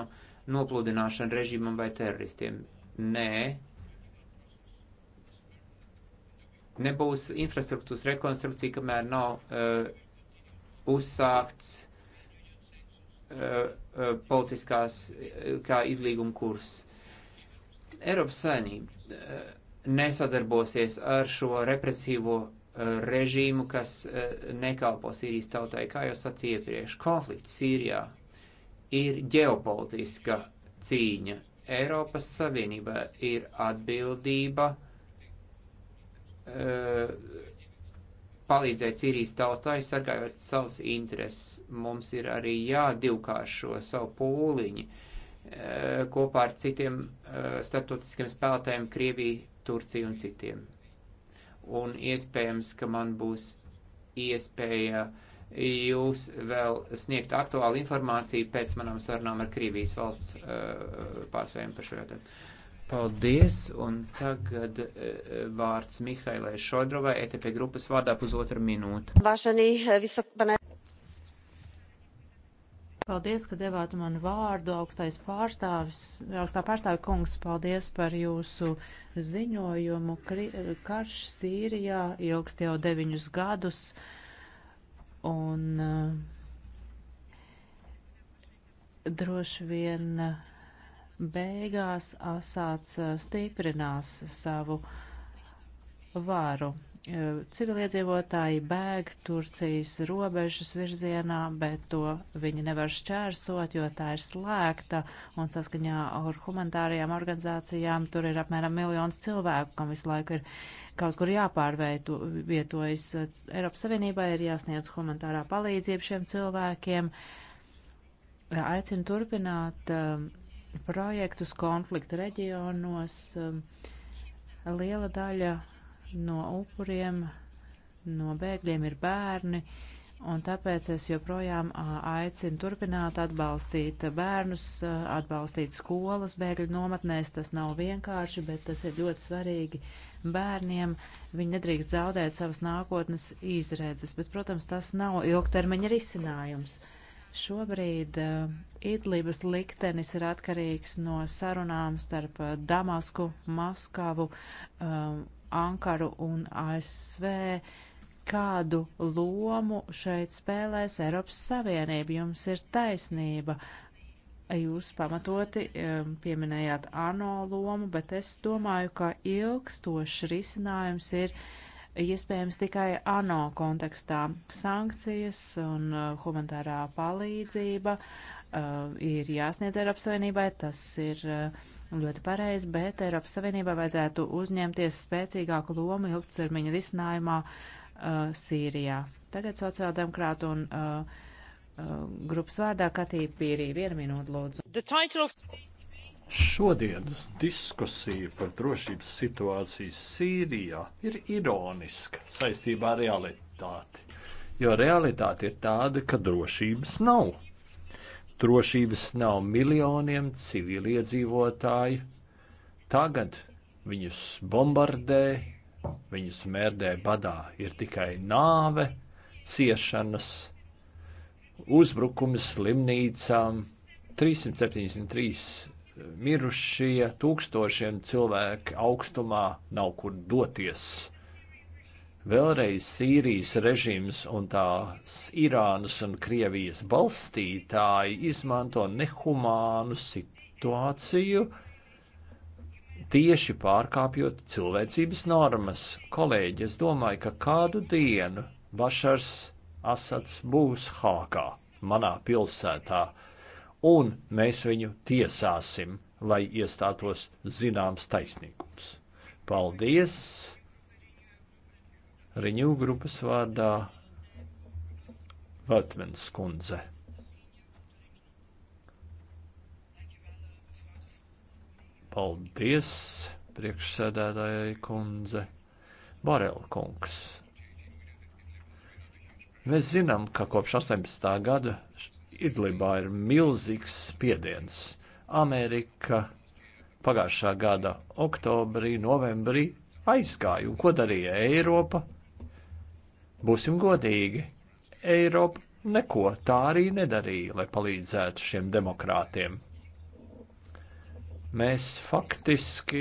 režīma nopludināšanu režīmam vai teroristiem. Nē, nebūs infrastruktūras rekonstrukcija, kamēr nav uh, uzsākts uh, uh, politiskās uh, kā izlīguma kurs. Eiropas saimnība uh, nesadarbosies ar šo represīvo uh, režīmu, kas uh, nekalpo Sīrijas tautai, kā jau sacīju iepriekš. Konflikts Sīrijā ir ģeopolitiska cīņa. Eiropas Savienībā ir atbildība uh, palīdzēt Sīrijas tautai, sargājot savus intereses. Mums ir arī jādivkāršo savu pūliņu uh, eh, kopā ar citiem uh, eh, statutiskiem spēlētājiem Krieviju, Turciju un citiem. Un iespējams, ka man būs iespēja uh, jūs vēl sniegt aktuālu informāciju pēc manām sarunām ar Krievijas valsts eh, pārstāvjiem par šo jautājumu. Paldies, un tagad eh, vārds Mihailai Šodrovai, ETP grupas vārdā pusotra minūte. Eh, paldies, ka devāt man vārdu, augstais pārstāvis, augstā pārstāvi kungs, paldies par jūsu ziņojumu. Karš Sīrijā ilgst jau deviņus gadus. Uh, Un uh, droši vien eh, beigās Asāds uh, stiprinās savu varu. Uh, civiliedzīvotāji bēg Turcijas robežas virzienā, bet to viņi nevar šķērsot, jo tā ir slēgta un saskaņā ar humanitārajām organizācijām tur ir apmēram miljons cilvēku, kam visu laiku ir kaut kur jāpārvietojas. Eiropas Savienībai ir jāsniedz humanitārā palīdzība šiem cilvēkiem. Aicinu turpināt um, projektus konfliktu reģionos. Um, liela daļa no upuriem, no bēgļiem ir bērni. Uh, Un tāpēc es joprojām aicinu turpināt atbalstīt bērnus, atbalstīt skolas bēgļu nometnēs. Tas nav vienkārši, bet tas ir ļoti svarīgi bērniem. Viņi nedrīkst zaudēt savas nākotnes izredzes, bet, protams, tas nav ilgtermiņa risinājums. Šobrīd uh, Idlības liktenis ir atkarīgs no sarunām starp Damasku, Maskavu, uh, Ankaru un ASV. Uh, kādu lomu šeit spēlēs Eiropas Savienība. Jums ir taisnība. Jūs pamatoti um, pieminējāt ANO lomu, bet es domāju, ka ilgstošs risinājums ir iespējams tikai ANO kontekstā. Sankcijas un uh, humanitārā palīdzība uh, ir jāsniedz Eiropas Savienībai, tas ir uh, ļoti pareizi, bet Eiropas Savienībai vajadzētu uzņemties spēcīgāku lomu ilgtermiņa risinājumā uh, uh, Sīrijā. Tagad sociāldemokrātu un uh, uh, grupas vārdā Katīja Pīrī. Vienu minūtu lūdzu. Šodienas diskusija par drošības situāciju Sīrijā ir ironiska saistībā ar realitāti, jo realitāte ir tāda, ka drošības nav. Drošības nav miljoniem civiliedzīvotāju. Tagad viņus bombardē, Viņu smērdē badā ir tikai nāve, ciešanas, uzbrukums slimnīcām, 373 eh, mirušie, tūkstošiem cilvēku augstumā nav kur doties. Vēlreiz Sīrijas režīms un tās Irānas un Krievijas balstītāji izmanto nehumānu situāciju, tieši pārkāpjot cilvēcības normas. Kolēģi, es domāju, ka kādu dienu Bašars Asads būs Hāgā, manā pilsētā, un mēs viņu tiesāsim, lai iestātos zināms taisnīgums. Paldies! Riņu grupas vārdā Vatmens kundze. Paldies, priekšsēdētājai kundze. Barela kungs. Mēs zinām, ka kopš 18. gada Idlibā ir milzīgs spiediens. Amerika pagājušā gada oktobrī, novembrī aizgāja, un ko darīja Eiropa? Būsim godīgi, Eiropa neko tā arī nedarīja, lai palīdzētu šiem demokrātiem. Mēs faktiski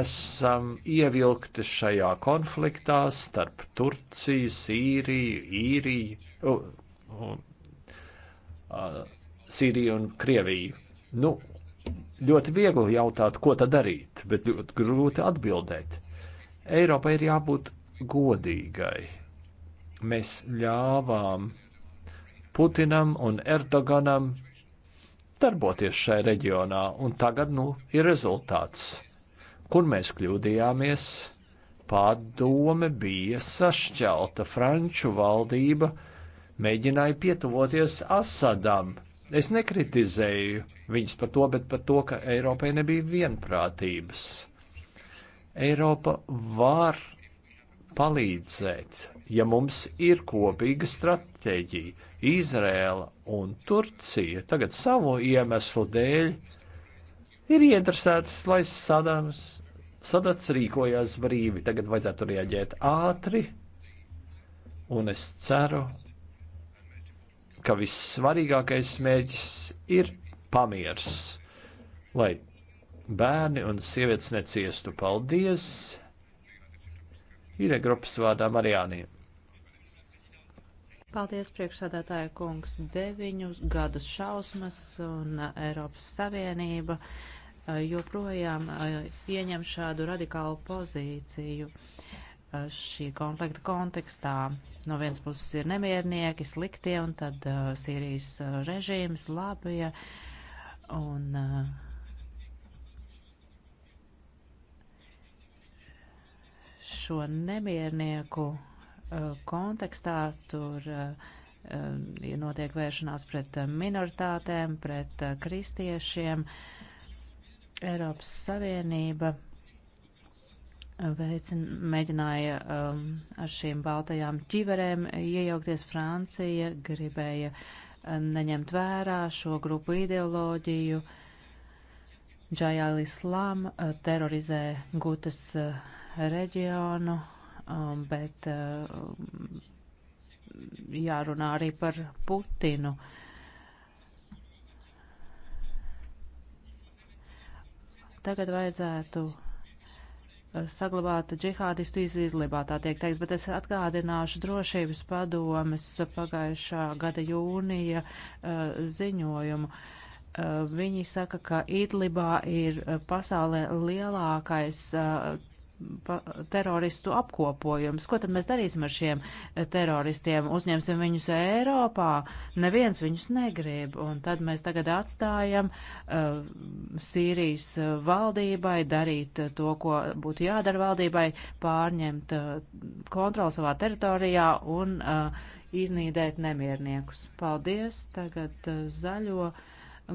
esam ievilkti šajā konfliktā starp Turciju, Sīriju, Īriju, uh, uh, uh, Sīriju un Krieviju. Nu, ļoti viegli jautāt, ko tad darīt, bet ļoti grūti atbildēt. Eiropai ir jābūt godīgai. Mēs ļāvām Putinam un Erdoganam darboties šai reģionā, un tagad nu, ir rezultāts. Kur mēs kļūdījāmies? Padome bija sašķelta, franču valdība mēģināja pietuvoties Asadam. Es nekritizēju viņus par to, bet par to, ka Eiropai nebija vienprātības. Eiropa var palīdzēt, ja mums ir kopīga stratēģija, Izrēla un Turcija tagad savu iemeslu dēļ ir ieinteresētas, lai Sadams, Sadats rīkojās brīvi. Tagad vajadzētu rieģēt ātri, un es ceru, ka vissvarīgākais mērķis ir pamiers, lai bērni un sievietes neciestu. Paldies! Ir grupas vārdā Marijānija. Paldies, priekšsādātāja kungs. Deviņus gadus šausmas un uh, Eiropas Savienība uh, joprojām uh, ieņem šādu radikālu pozīciju šī konflikta kontekstā. No vienas puses ir nemiernieki, sliktie, un tad uh, Sīrijas režīms, labie. Un, uh, šo nemiernieku Eh, kontekstā. Tur eh, eh, notiek vēršanās pret minoritātēm, pret kristiešiem. Eiropas Savienība veicin, mēģināja um, ar šīm baltajām ķiverēm iejaukties Francija, gribēja neņemt vērā šo grupu ideoloģiju. Džajāli Islam terorizē Gutas reģionu, um, bet um, jārunā arī par Putinu. Tagad vajadzētu uh, saglabāt džihādistu izlībā, tā tiek teiks, bet es atgādināšu drošības padomes pagājušā gada jūnija uh, ziņojumu. Uh, viņi saka, ka Idlibā ir uh, pasaulē lielākais uh, teroristu apkopojums. Ko tad mēs darīsim ar šiem eh, teroristiem? Uzņemsim viņus Eiropā, neviens viņus negrib, un tad mēs tagad atstājam uh, Sīrijas eh, valdībai darīt to, ko būtu jādara valdībai, pārņemt uh, kontroli savā teritorijā un uh, iznīdēt nemierniekus. Paldies, tagad uh, zaļo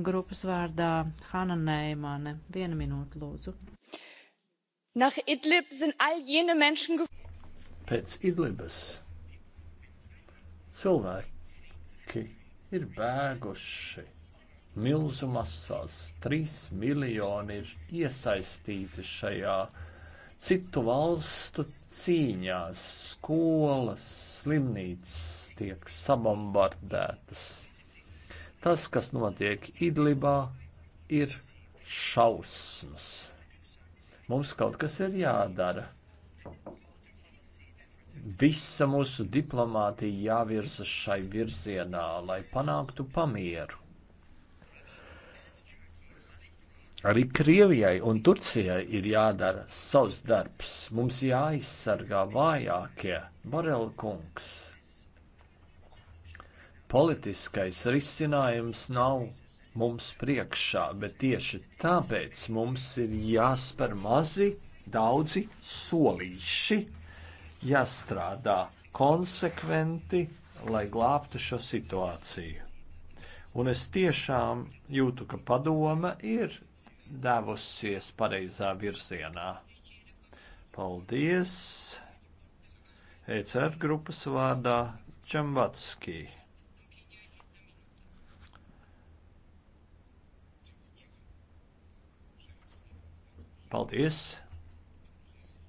grupas vārdā Hanna Neimane. Vienu minūtu lūdzu. Pēc Idlibas cilvēki ir bēguši milzu masās. Trīs miljoni ir iesaistīti šajā citu valstu cīņās. Skolas, slimnīcas tiek sabombardētas. Tas, kas notiek Idlibā, ir šausmas. Mums kaut kas ir jādara. Visa mūsu diplomātija jāvirza šai virzienā, lai panāktu pamieru. Arī Krievijai un Turcijai ir jādara savs darbs. Mums jāaizsargā vājākie, Barelkungs. Politiskais risinājums nav mums priekšā, bet tieši tāpēc mums ir jāspēr mazi, daudzi solīši, jāstrādā konsekventi, lai glābtu šo situāciju. Un es tiešām jūtu, ka padoma ir devusies pareizā virzienā. Paldies! ECR grupas vārdā Čamvatskija. Paldies,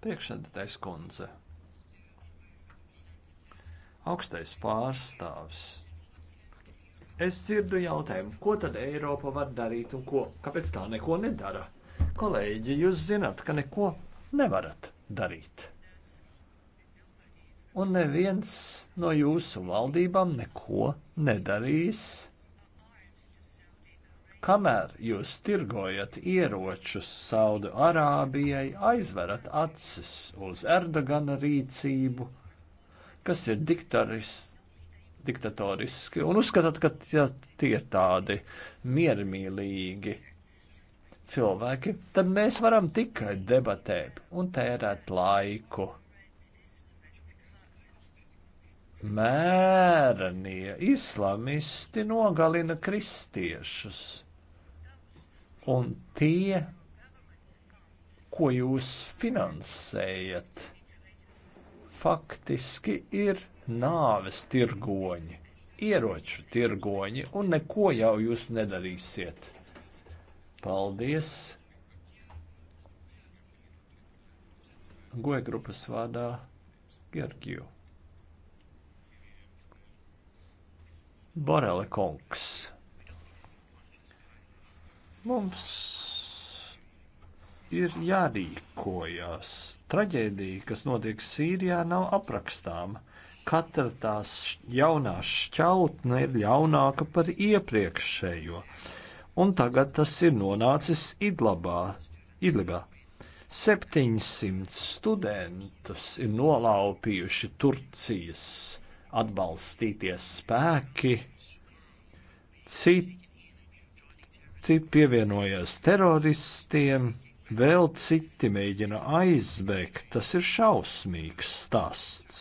priekšsēdētājs kundze. Augstais pārstāvs. Es dzirdu jautājumu, ko tad Eiropa var darīt un ko, kāpēc tā neko nedara? Kolēģi, jūs zināt, ka neko nevarat darīt. Un neviens no jūsu valdībām neko nedarīs Kamēr jūs tirgojat ieročus Saudu Arābijai, aizverat acis uz Erdogana rīcību, kas ir diktaris, diktatoriski, un uzskatāt, ka tie, tie ir tādi miermīlīgi cilvēki, tad mēs varam tikai debatēt un tērēt laiku. Mērenie islamisti nogalina kristiešus un tie, ko jūs finansējat, faktiski ir nāves tirgoņi, ieroču tirgoņi, un neko jau jūs nedarīsiet. Paldies! Goja grupas vārdā Gergiju. Borele kungs. Mums ir jārīkojas. Traģēdija, kas notiek Sīrijā, nav aprakstāma. Katra tās jaunā šķautne ir ļaunāka par iepriekšējo, un tagad tas ir nonācis Idlabā. Idlibā. 700 studentus ir nolaupījuši Turcijas atbalstīties spēki. Citi citi pievienojās teroristiem, vēl citi mēģina aizbēgt. Tas ir šausmīgs stāsts.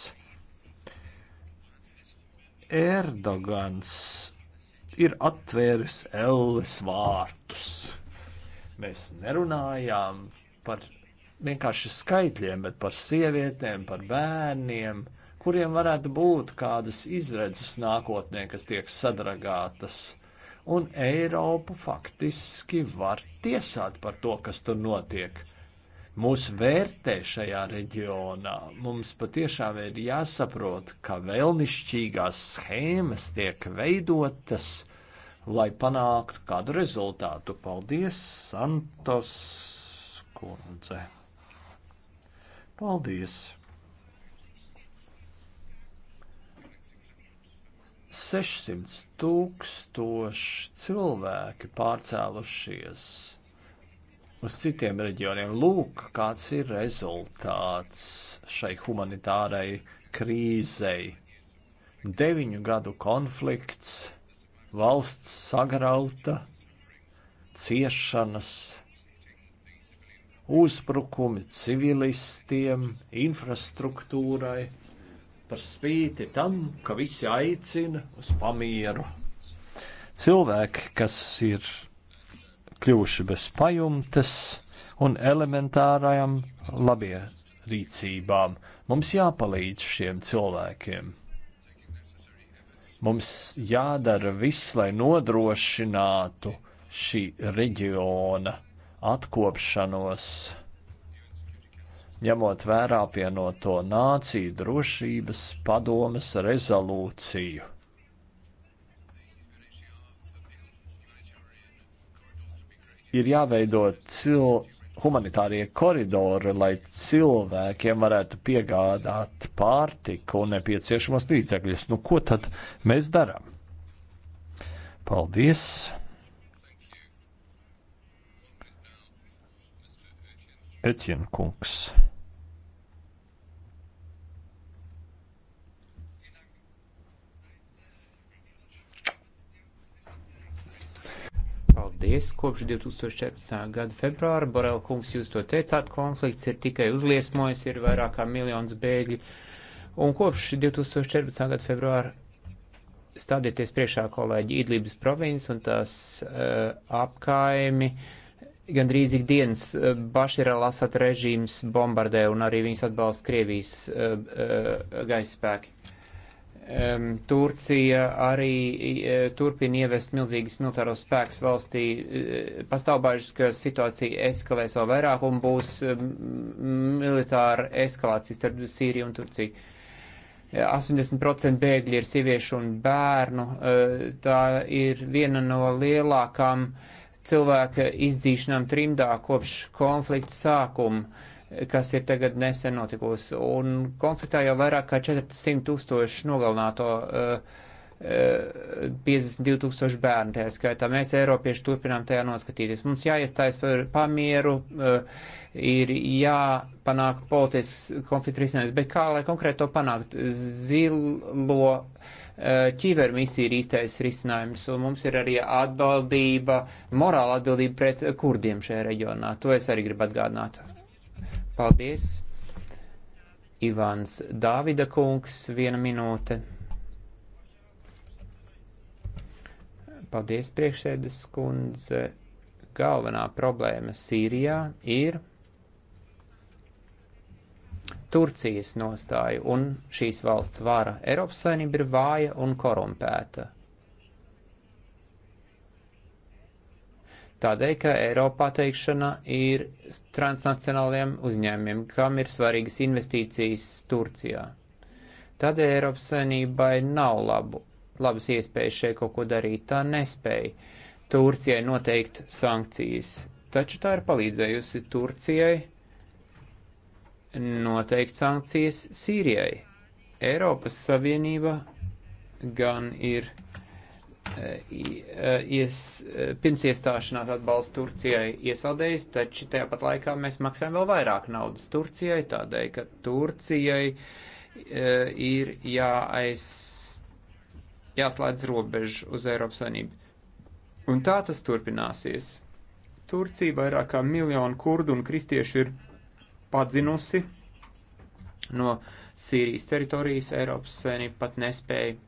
Erdogans ir atvēris Elles vārtus. Mēs nerunājām par vienkārši skaitļiem, bet par sievietēm, par bērniem, kuriem varētu būt kādas izredzes nākotnē, kas tiek sadragātas un Eiropu faktiski var tiesāt par to, kas tur notiek. Mūsu vērtē šajā reģionā mums patiešām ir jāsaprot, ka vēlnišķīgās schēmas tiek veidotas, lai panāktu kādu rezultātu. Paldies, Santos kundze! Paldies! 600 tūkstoši cilvēki pārcēlušies uz citiem reģioniem. Lūk, kāds ir rezultāts šai humanitārai krīzei. Deviņu gadu konflikts, valsts sagrauta, ciešanas, uzbrukumi civilistiem, infrastruktūrai par spīti tam, ka visi aicina uz pamieru. Cilvēki, kas ir kļuvuši bez pajumtes un elementārajām labie rīcībām, mums jāpalīdz šiem cilvēkiem. Mums jādara viss, lai nodrošinātu šī reģiona atkopšanos ņemot vērā apvienoto nāciju drošības padomas rezolūciju. Ir jāveido cil humanitārie koridori, lai cilvēkiem varētu piegādāt pārtiku un nepieciešamos līdzekļus. Nu, ko tad mēs darām? Paldies! Eķina kungs. Paldies! Kopš 2014. gada februāra, Borel kungs, jūs to teicāt, konflikts ir tikai uzliesmojis, ir vairāk kā miljons bēgļi. Un kopš 2014. gada februāra stādieties priekšā kolēģi Idlības provinces un tās uh, apkaimi. Uh, Gandrīz ikdienas eh, Bašira Lasat režīms bombardē un arī viņas atbalsta Krievijas uh, uh, gaisa spēki. Um, Turcija arī uh, turpina ievest milzīgas militāros spēkus valstī. Uh, pastāv bažas, ka situācija eskalēs vēl vairāk un būs uh, militāra eskalācija starp Sīriju un Turciju. Uh, 80% bēgļi ir sieviešu un bērnu. Tā ir viena no lielākām uh, cilvēka izdzīšanām trimdā kopš konflikta sākuma, kas ir tagad nesen notikusi. Un konfliktā jau vairāk kā 400 tūkstoši nogalināto. Uh, eh, 52 eh, tūkstoši bērnu tajā skaitā. Mēs, Eiropieši, turpinām tajā noskatīties. Mums jāiestājas par pamieru, eh, ir jāpanāk politisks konflikts risinājums, bet kā lai konkrēti to panākt? Zilo Eh, ķīvermisija ir īstais risinājums, un mums ir arī atbildība, morāla atbildība pret kurdiem šajā reģionā. To es arī gribu atgādināt. Paldies! Ivans Dāvida kungs, viena minūte. Paldies, priekšsēdes kundze. Galvenā problēma Sīrijā ir Turcijas nostāju un šīs valsts vara. Eiropas Savienība ir vāja un korumpēta. Tādēļ, ka Eiropā teikšana ir transnacionāliem uzņēmiem, kam ir svarīgas investīcijas Turcijā. Tādēļ Eiropas Savienībai nav labu, labas iespējas šeit kaut ko darīt, tā nespēja Turcijai noteikt sankcijas. Taču tā ir palīdzējusi Turcijai noteikt sankcijas Sīrijai. Eiropas Savienība gan ir eh, eh, ies, eh, pirms iestāšanās atbalsts Turcijai iesaldējis, taču tajāpat laikā mēs maksājam vēl vairāk naudas Turcijai, tādēļ, ka Turcijai ir jāaiz, jāslēdz robežu uz Eiropas Savienību. Un tā tas turpināsies. Turcija vairāk kā miljonu kurdu un kristiešu ir padzinusi no Sīrijas teritorijas. Eiropas Savienība pat nespēja eh,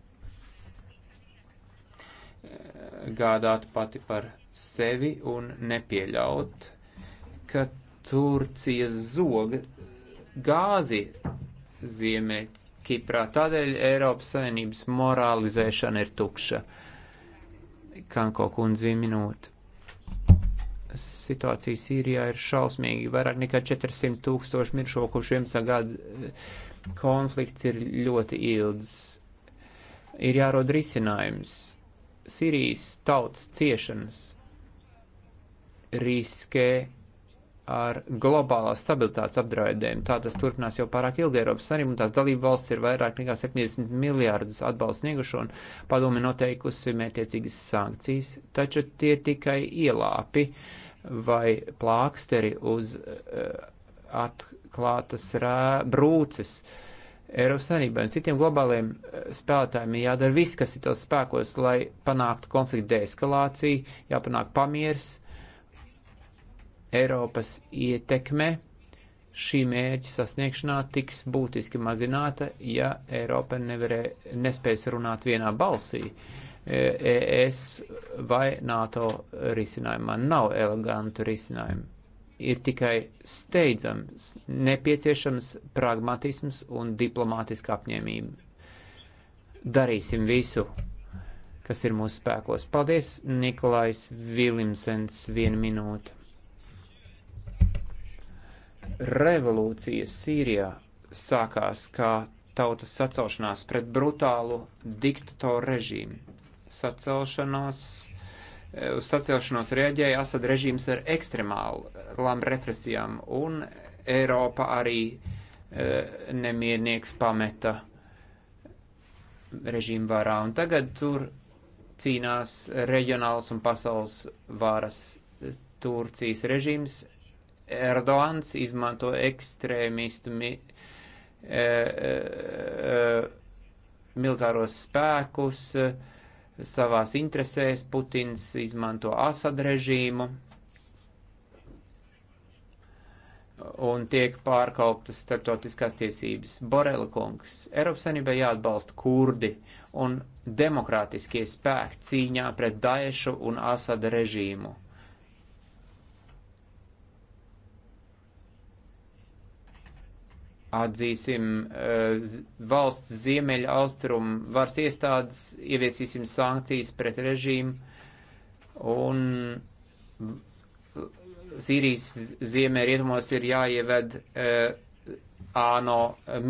gādāt pati par sevi un nepieļaut, ka Turcija zog gāzi ziemeļ Kiprā. Tādēļ Eiropas Savienības moralizēšana ir tukša. Kanko kundzi minūte situācija Sīrijā ir šausmīga. Vairāk nekā 400 tūkstoši miršo kopš 11 gadu. Eh, konflikts ir ļoti ilgs. Ir jārod risinājums. Sīrijas tautas ciešanas riskē ar globālās stabilitātes apdraudējumu. Tā tas turpinās jau pārāk ilgi Eiropas Savienība, un tās dalība valsts ir vairāk nekā 70 miljārdus atbalstu snieguši, un padome noteikusi mērķiecīgas sankcijas, taču tie tikai ielāpi vai plāksteri uz uh, atklātas rā, brūces. Eiropas Savienībai un citiem globāliem eh, spēlētājiem jādara viss, kas ir tos spēkos, lai panāktu konflikta deeskalāciju, jāpanāk pamieris, Eiropas ietekme šī mērķa sasniegšanā tiks būtiski mazināta, ja Eiropa nevarē, nespēs runāt vienā balsī. ES e vai NATO risinājumā nav elegantu risinājumu. Ir tikai steidzams, nepieciešams pragmatisms un diplomātiska apņēmība. Darīsim visu, kas ir mūsu spēkos. Paldies, Nikolais Vilimsens, viena minūte revolūcija Sīrijā sākās kā tautas sacelšanās pret brutālu diktatoru režīmu. Sacelšanos, e, uz sacelšanos rēģēja Asad režīms ar ekstremālām represijām, un Eiropa arī e, nemiernieks pameta režīmu varā, un tagad tur cīnās reģionāls un pasaules varas e, Turcijas režīms Erdogans izmanto ekstrēmistu mi, e, e, e militāros spēkus e, savās interesēs, Putins izmanto Asad režīmu un tiek pārkauptas starptautiskās tiesības. Borela kungs, Eiropas Sanībā jāatbalsta kurdi un demokrātiskie spēki cīņā pret Daešu un Asada režīmu atzīsim eh, valsts ziemeļa austrumu varas iestādes, ieviesīsim sankcijas pret režīmu un Sīrijas ziemē rietumos ir jāieved eh, āno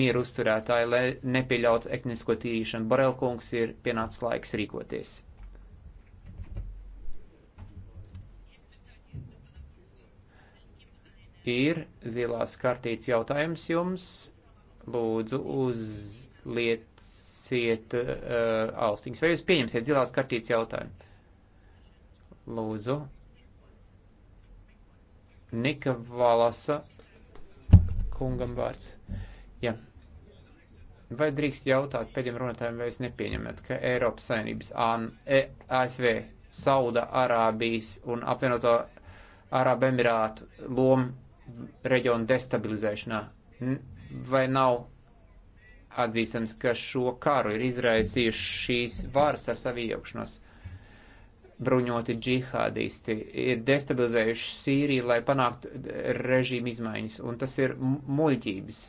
mieru uzturētāji, lai nepieļautu etnisko tīrīšanu. Borelkungs ir pienācis laiks rīkoties. ir zilās kartītes jautājums jums. Lūdzu, uzlieciet uh, austiņas. Vai jūs pieņemsiet zilās kartītes jautājumu? Lūdzu. Nika Valasa kungam vārds. Jā. Vai drīkst jautāt pēdējiem runātājiem, vai jūs nepieņemat, ka Eiropas Savienības, e, ASV, Sauda Arābijas un apvienoto Arābu Emirātu loma reģionu destabilizēšanā. Vai nav atzīstams, ka šo karu ir izraisījuši šīs varas ar savu iejaukšanos? Bruņoti džihādisti ir destabilizējuši Sīriju, lai panāktu režīmu izmaiņas, un tas ir muļķības,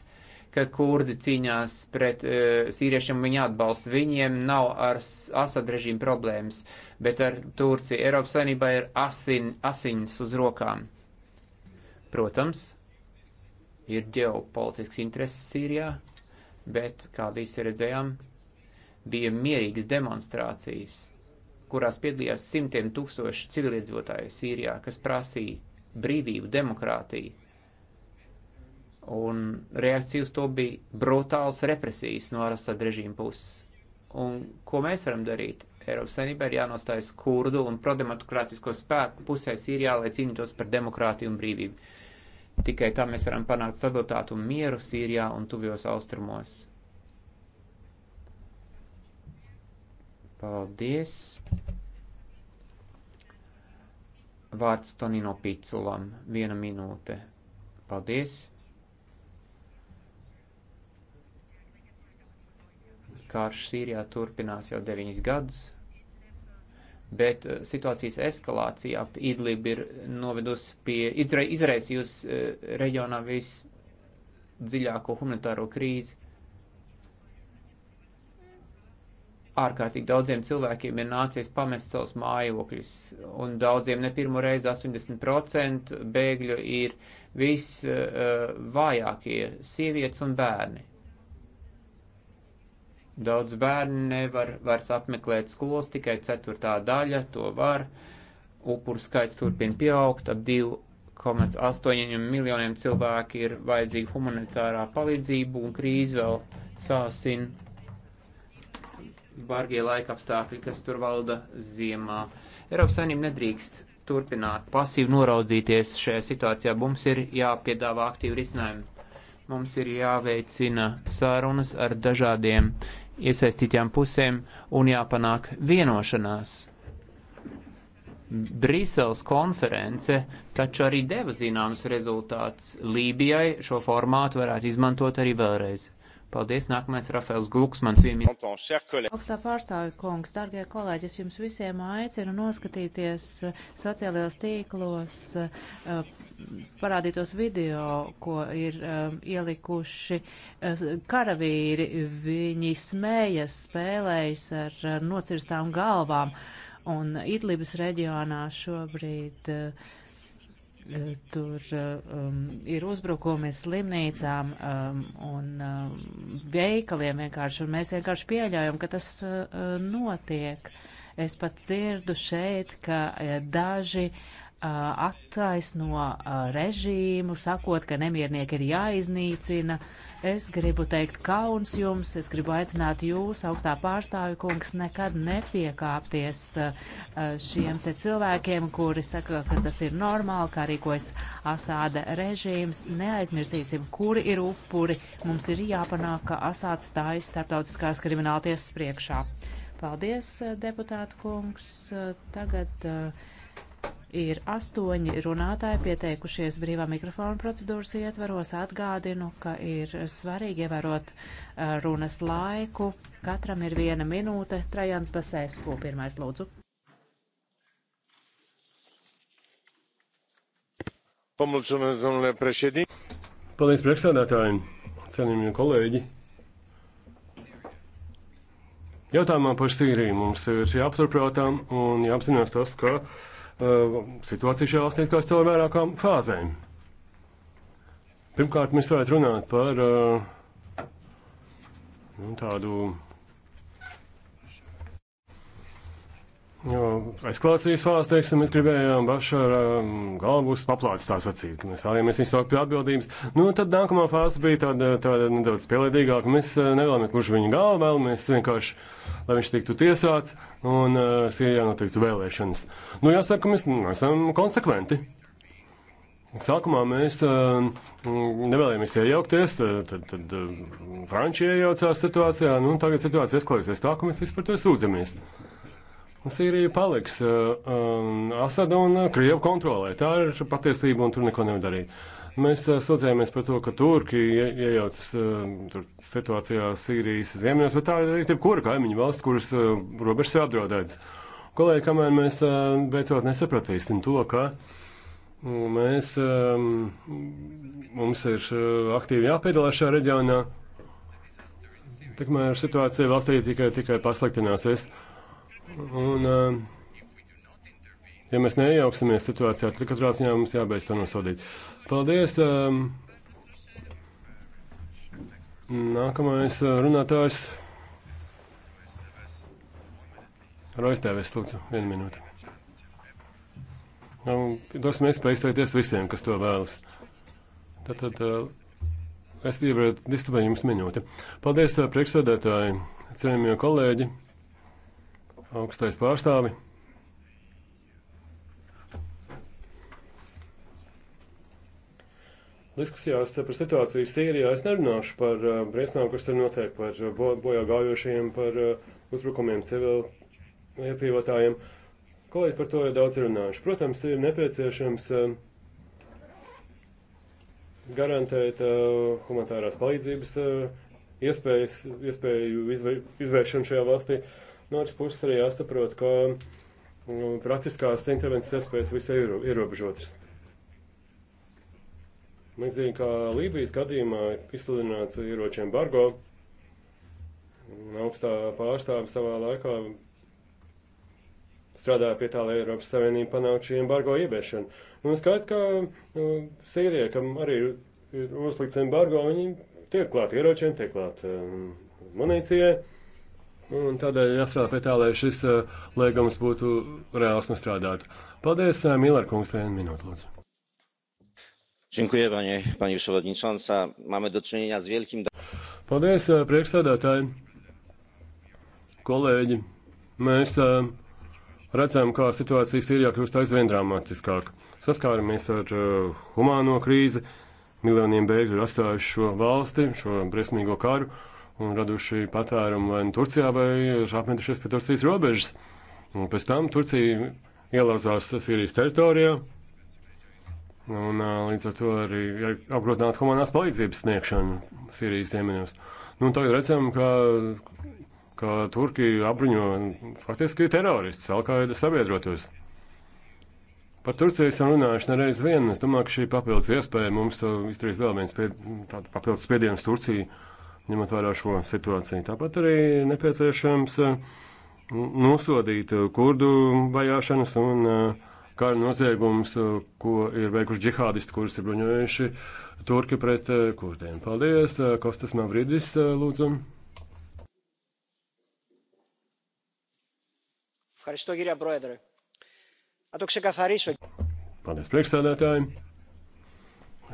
ka kurdi cīņās pret uh, sīriešiem un viņa atbalstu. Viņiem nav ar Asad režīmu problēmas, bet ar Turciju Eiropas Savienībā ir asin, asiņas uz rokām. Uh, Protams, ir ģeopolitisks intereses Sīrijā, bet, kā visi redzējām, bija mierīgas demonstrācijas, kurās piedalījās simtiem tūkstoši civiliedzīvotāju Sīrijā, kas prasīja brīvību, demokrātiju. Un reakcija uz to bija brutāls represijas no Arasad režīma puses. Un ko mēs varam darīt? Eiropas Savienībā ir jānostājas kurdu un prodemokrātisko spēku pusē Sīrijā, lai cīnītos par demokrātiju un brīvību Tikai tā mēs varam panākt stabilitātu un mieru Sīrijā un tuvjos austrumos. Paldies! Vārds Tonino Piculam. Viena minūte. Paldies! Karš Sīrijā turpinās jau deviņas gadus bet eh, situācijas eskalācija ap Idlib ir novedusi pie izraisījusi eh, reģionā visdziļāko humanitāro krīzi. Ārkārtīgi daudziem cilvēkiem ir nācies pamest savus mājokļus, un daudziem ne pirmo reizi 80% bēgļu ir visvājākie eh, uh, sievietes un bērni. Daudz bērnu nevar vairs apmeklēt skolas, tikai ceturtā daļa to var. Upuru skaits turpina pieaugt, ap 2,8 miljoniem cilvēki ir vajadzīga humanitārā palīdzība un krīze vēl sāsina bargie laika apstākļi, kas tur valda ziemā. Eiropas saimnība nedrīkst turpināt pasīvi noraudzīties šajā situācijā. Mums ir jāpiedāvā aktīvi risinājumi. Mums ir jāveicina sārunas ar dažādiem iesaistītajām pusēm un jāpanāk vienošanās. Brīseles konference taču arī deva zināms rezultāts. Lībijai šo formātu varētu izmantot arī vēlreiz. Paldies, nākamais Rafēls Gluksmans vienmīgs. Augstā pārstāvja kungs, dargie kolēģi, es jums visiem aicinu noskatīties eh, sociālajos tīklos eh, parādītos video, ko ir eh, ielikuši karavīri. Viņi smējas, spēlējas ar nocirstām galvām. Un Idlibas reģionā šobrīd uh, Tur um, ir uzbrukumi slimnīcām um, un um, veikaliem vienkārši, un mēs vienkārši pieļaujam, ka tas uh, notiek. Es pat dzirdu šeit, ka uh, daži uh, Uh, attaisno uh, režīmu, sakot, ka nemiernieki ir jāiznīcina. Es gribu teikt kauns jums, es gribu aicināt jūs, augstā pārstāvju kungs, nekad nepiekāpties uh, šiem te cilvēkiem, kuri saka, ka tas ir normāli, kā rīkojas Asāda režīms. Neaizmirsīsim, kuri ir upuri. Mums ir jāpanāk, ka Asāds stājas starptautiskās krimināltiesas priekšā. Paldies, deputāta kungs. Tagad uh, Ir astoņi runātāji pieteikušies brīvā mikrofona procedūras ietvaros. Atgādinu, ka ir svarīgi ievērot uh, runas laiku. Katram ir viena minūte. Trajans Basēsku pirmais lūdzu. Paldies, priekšsēdētāji, cienījamie kolēģi. Jautājumā par Sīriju mums ir jāpaturprātā un jāapzinās tas, ka. Kā Eh, situācija šajā valstī izklājas caur vairākām fāzēm. Pirmkārt, mēs varētu runāt par eh, nu, tādu aizklāstījus valsts, teiksim, mēs gribējām Bašara mm, galvus paplācis tā sacīt, ka mēs vēlamies viņu saukt pie atbildības. Nu, tad nākamā fāze bija tāda, tāda nedaudz pielēdīgāka. Mēs eh, nevēlamies gluži viņa galvu, vēlamies vienkārši, lai viņš tiktu tiesāts. Uh, un uh, eh, Sīrijā notiktu vēlēšanas. Nu, jāsaka, mēs esam konsekventi. Sākumā mēs uh, eh, nevēlējāmies iejaukties, eh, tad, tad, tad uh, Francija iejaucās situācijā, nu, tagad situācija eskalēsies tā, ka mēs vispār to sūdzamies. Sīrija paliks uh, um, Asada un Krievu kontrolē. Tā ir patiesība, un tur neko nevar darīt. Uh, Mēs eh, sūdzējāmies par to, ka Turkija iejaucas eh, tur situācijā Sīrijas ziemeļos, bet tā ir arī jebkura kaimiņu valsts, kuras eh, robežas ir apdraudētas. Kolēģi, kamēr mēs beidzot nesapratīsim to, ka mm, mēs, ehm, mums ir aktīvi jāpiedalās šajā reģionā, tikmēr situācija valstī tikai, tikai pasliktināsies. Un, uh, ja mēs neiejauksimies situācijā, tad katrā ziņā mums jābeidz to nosodīt. Paldies! Um, nākamais uh, runātājs. Roistēvis, lūdzu, vienu minūti. Nu, dosim iespēju izteikties visiem, kas to vēlas. Tad, tad uh, es ievēroju distribuēju jums minūti. Paldies, uh, priekšsēdētāji, cienījamie kolēģi, augstais pārstāvi. Diskusijās par situāciju Sīrijā es nerunāšu par uh, briesmām, kas tur notiek, par eh, bo bojā gājošajiem, par uh, uzbrukumiem civilu iedzīvotājiem. Kolēģi par to ir daudz runājuši. Protams, ir nepieciešams uh, garantēt uh, humanitārās palīdzības uh, iespējas, iespēju izvē, izvēršanu šajā valstī. No otras puses arī jāsaprot, ka mm, praktiskās intervences iespējas visai ir ierobežotas. Līdzīgi kā Lībijas gadījumā izsludināts ieroču embargo, un augstā pārstāve savā laikā strādāja pie tā, lai Eiropas Savienība panāktu šī embargo ieviešanu. Nu, un skaidrs, ka uh, Sīrijai, kam arī ir, ir uzlikts embargo, viņi tiek klāt ieročiem, tiek klāt um, munīcijai. Un tādēļ jāstrādā pie tā, lai šis uh, liegums būtu reāls un strādātu. Paldies, uh, Mīlēr kungs, vienu minūtu lūdzu. Paldies, eh, priekšsēdētāji, kolēģi. Mēs eh, redzam, kā situācija Sīrijā kļūst aizvien dramatiskāka. Saskāramies ar eh, humāno krīzi, miljoniem bēgļu ir atstājuši šo valsti, šo briesmīgo karu un raduši patērumu vai nu Turcijā, vai ir apmetušies pie Turcijas robežas. Un pēc tam Turcija ielauzās Sīrijas teritorijā, Nu, un līdz ar to arī apgrūtināt humanās palīdzības sniegšanu Sīrijas ziemeņos. Nu, tagad redzam, ka, ka Turkija apbruņo faktiski teroristus, Alkaida sabiedrotos. Par Turciju esam runājuši nereiz vien. Es domāju, ka šī papildus iespēja mums izdarīt vēl viens spied, papildus spiediens Turciju, ņemot vērā šo situāciju. Tāpat arī nepieciešams nosodīt kurdu vajāšanas un uh, kara noziegums, ko ir veikuši džihādisti, kurus ir bruņojuši turki pret eh, kurdiem. Paldies, eh, Kostas Mavridis, eh, lūdzu. Paldies, priekšstādātāji,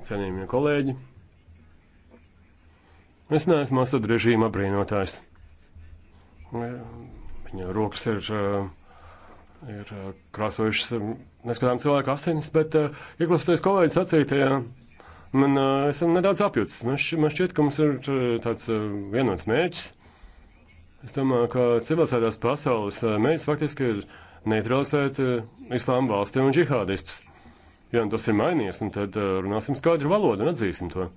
cienījamie kolēģi. Es neesmu Asad režīma brīnotājs. Viņa rokas ir uh, ir eh, krāsojušas eh, neskatām cilvēku asinis, bet eh, ieklausoties kolēģi sacītajā, man esam nedaudz apjūts. Man, šķiet, man šķiet, ka mums ir tāds vienots mērķis. Es domāju, ka civilizētās pasaules mērķis faktiski ir neutralizēt islāma valsti un džihādistus. Ja nu tas ir mainījies, tad runāsim skaidru valodu un atzīsim to.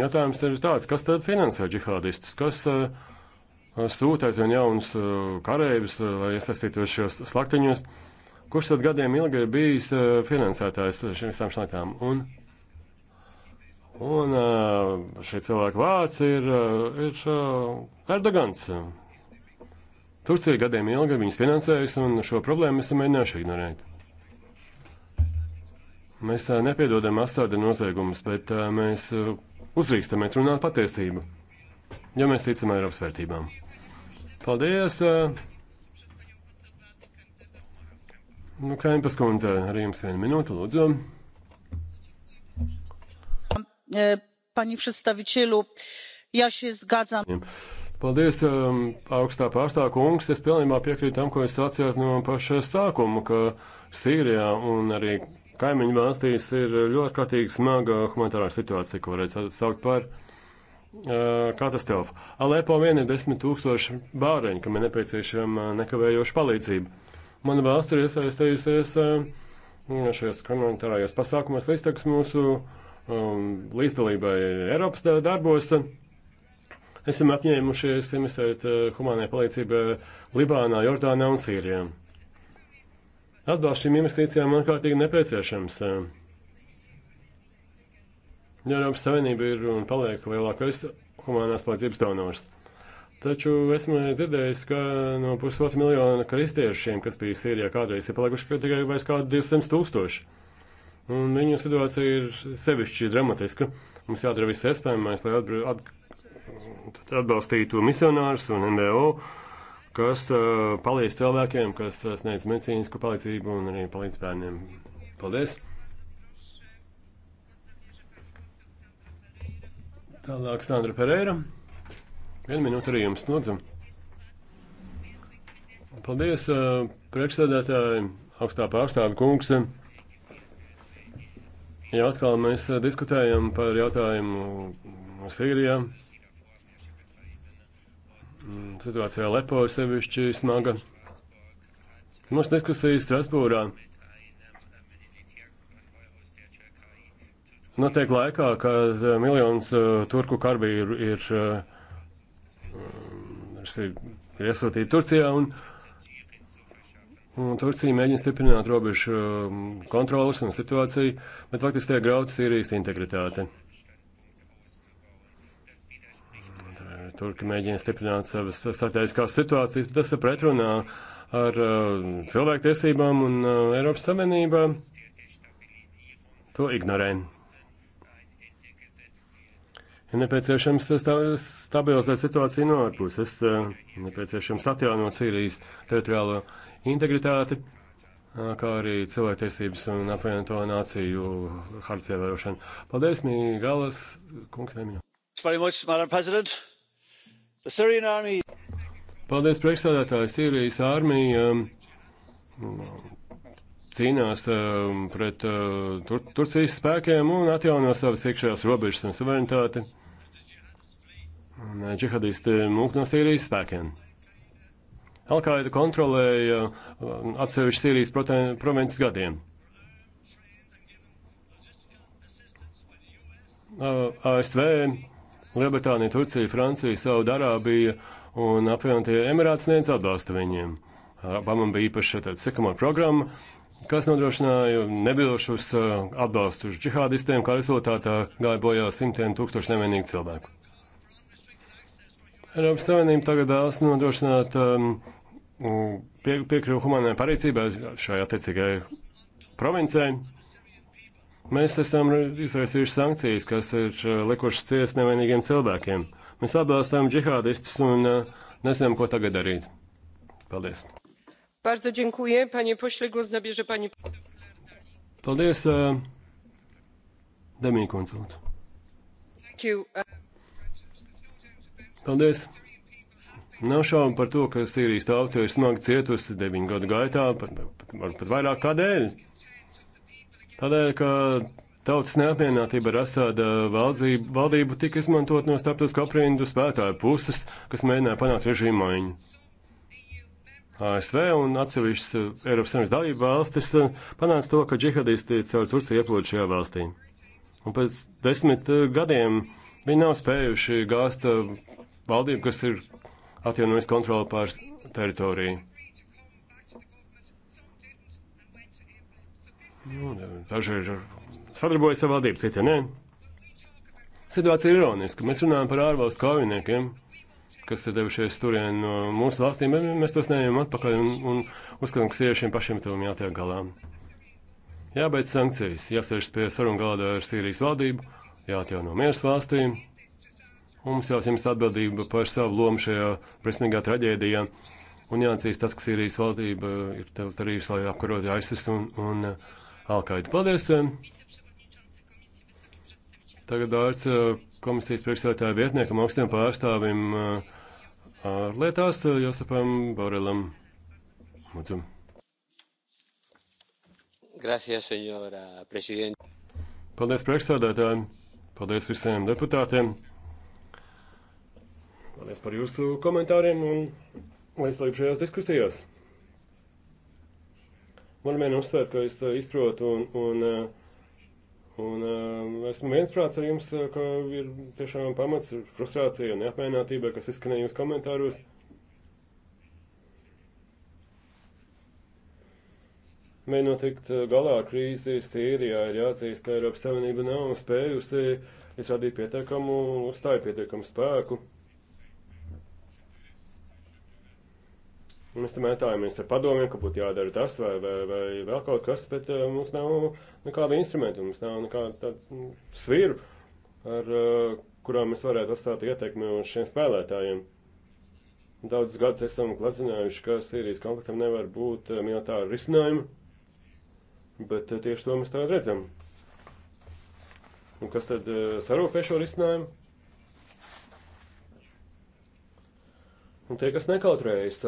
Jautājums ir tāds, kas tad finansē džihādistus, kas uh, sūta aizvien jaunus uh, kareivis, uh, lai iesaistītos šajos slaktiņos, kurš tad gadiem ilgi ir bijis uh, finansētājs šīm visām šlaktām. Un, un šī cilvēka vārds ir, ir Erdogans. Turcija gadiem ilgi ir viņus finansējusi, un šo problēmu mēs mēģinājuši ignorēt. Mēs nepiedodam astādi noziegumus, bet mēs uzrīkstamies runāt patiesību, jo mēs ticam Eiropas vērtībām. Paldies! Nu, Kaimpas kundze, arī jums viena minūte, lūdzu. Pani predstaviteļu, ja šis gadzam. Paldies, um, augstā pārstāvja kungs. Es pilnībā piekrītu tam, ko jūs sacījāt no paša sākuma, ka Sīrijā un arī kaimiņu valstīs ir ļoti kārtīgi smaga humanitārā situācija, ko varētu saukt par katastrofu. Alepo vien ir desmit tūkstoši bāreņu, kam ir nepieciešama nekavējoša palīdzība. Mana valsts ir iesaistījusies šajos komunitārajos pasākumos līdztekus mūsu um, līdzdalībai Eiropas darbos. Esam apņēmušies investēt humānajā palīdzībā Libānā, Jordānā un Sīrijā. Atbalsts šīm investīcijām ārkārtīgi nepieciešams. Uh, Eiropas Savienība ir un paliek lielākais humanās palīdzības donors. Taču esmu dzirdējis, ka no pusotra miljona kristiešiem, kas bija Sīrijā kādreiz, ir palikuši tikai vairs kādi 200 tūkstoši. Un viņu situācija ir sevišķi dramatiska. Mums jādara viss iespējamais, lai at, atbalstītu misionārus un NVO, kas uh, palīdz cilvēkiem, kas uh, sniedz medicīnisku palīdzību un arī palīdz bērniem. Paldies! Tālāk Sandra Pereira. Vienu minūtu arī jums lūdzam. Paldies, priekšsēdētāji, augstā pārstāve kungs. Jā, atkal mēs diskutējam par jautājumu Sīrijā. Mm, Situācijā Lepo ir sevišķi smaga. Mūsu diskusija Strasbūrā notiek laikā, kad eh, miljons uh, turku karavīru ir, uh, ir iesūtīti Turcijā, un, un Turcija mēģina stiprināt robežu mm, kontrolas un situāciju, bet faktiski tiek grauta Sīrijas integritāte. Turki mēģina stiprināt savas strateģiskās situācijas, bet tas ir pretrunā ar uh, cilvēktiesībām un uh, Eiropas Savienībā. To ignorē. Ir nepieciešams stabilizēt situāciju no ārpuses, nepieciešams atjaunot Sīrijas teritoriālo integritāti, kā arī cilvēktiesības un apvienoto nāciju hartas ievērošanu. Paldies, Mīgalas kungs, neminu. Paldies, priekšstādātāji. Sīrijas armija cīnās pret Tur Turcijas spēkiem un atjauno savas iekšējās robežas un suverenitāti un eh, džihadisti mūk no eh, Sīrijas spēkiem. Alkaida kontrolēja atsevišķu Sīrijas provinces gadiem. Eh, ASV, Lielbritānija, Turcija, Francija, Saudārābija un apvienotie Emirāti sniedz atbalstu viņiem. Abam bija īpaša tāda sekamā programma, kas nodrošināja nebilošus atbalstus džihādistiem, kā rezultātā gāja bojā simtiem tūkstoši nevienīgu cilvēku. Eiropas Savienība tagad vēlas nodrošināt um, pie, piekļuvu humanai parīcībai šai attiecīgajai provincijai. Mēs esam izraisījuši sankcijas, kas ir uh, likušas ciest nevainīgiem cilvēkiem. Mēs atbalstām džihādistus un uh, nezinām, ko tagad darīt. Paldies! Bardzo dziękuję. Panie pośle, głos zabierze pani. Paldies, uh, Damīna konsulta. Thank you. Uh... Paldies! Nav šaubu par to, ka Sīrijas tauta ir smagi cietusi deviņu gadu gaitā, pat, pat, pat vairāk kādēļ. Tādēļ, ka tautas neapmierinātība ar Asāda valdzību, valdību tika izmantot no starptautiskā aprindu spētāju puses, kas mēģināja panākt režīmu maiņu. ASV un atsevišķas Eiropas Savienības dalība valstis eh, panāca to, ka džihadisti caur Turciju ieplūda šajā valstī. Un pēc desmit eh, gadiem viņi nav spējuši gāzt eh, valdību, kas ir atjaunojusi kontroli pār teritoriju. Nu, daži ir sadarbojas ar valdību, citi nē. Situācija ir ironiska. Mēs runājam par ārvalstu kaujiniekiem, kas ir devušies turien no mūsu valstīm, bet mēs tos neņemam atpakaļ un, un uzskatām, ka sieviešiem pašiem tam jātiek galā. Jābeidz sankcijas, jāsēžas pie sarunu galda ar Sīrijas valdību, jāatjauno miers valstīm, Un mums jāsiemas atbildība par savu lomu šajā briesmīgā traģēdijā. Un jāatzīst tas, ka Sīrijas valdība ir darījusi, lai apkarotu ISIS un, un uh, Alkaidu. Paldies! Uh, tagad vārds uh, komisijas priekšsētāja vietniekam, augstiem pārstāvim ārlietās Josepam Borelam. Lūdzu. Gracias, senora presidente. Paldies priekšsēdētājiem, paldies visiem deputātiem. Paldies par jūsu komentāriem un līdzdalību šajās diskusijās. Man vien uzsvērt, ka es eh, izprotu un, un, eh, un, un eh, esmu viensprāts ar jums, ka ir tiešām pamats frustrācija un neapmierinātība, kas izskanēja jūsu komentāros. Mēģinot tikt galā ar krīzi Sīrijā, ir jāatzīst, ka Eiropas Savienība nav spējusi izrādīt pietiekamu, uzstāju pietiekamu spēku. Mēs tam mētājamies ar padomiem, ka būtu jādara tas vai, vai, vai vēl kaut kas, bet uh, mums nav nekāda instrumenta, mums nav nekādas tādas mm, sviru, ar uh, eh, kurām mēs varētu atstāt ietekmi uz šiem spēlētājiem. Daudzus gadus esam klazinājuši, ka Sīrijas konfliktam nevar būt uh, militāra risinājuma, bet uh, tieši to mēs tā redzam. Un kas tad uh, sarūpē šo risinājumu? Un tie, kas nekautrējas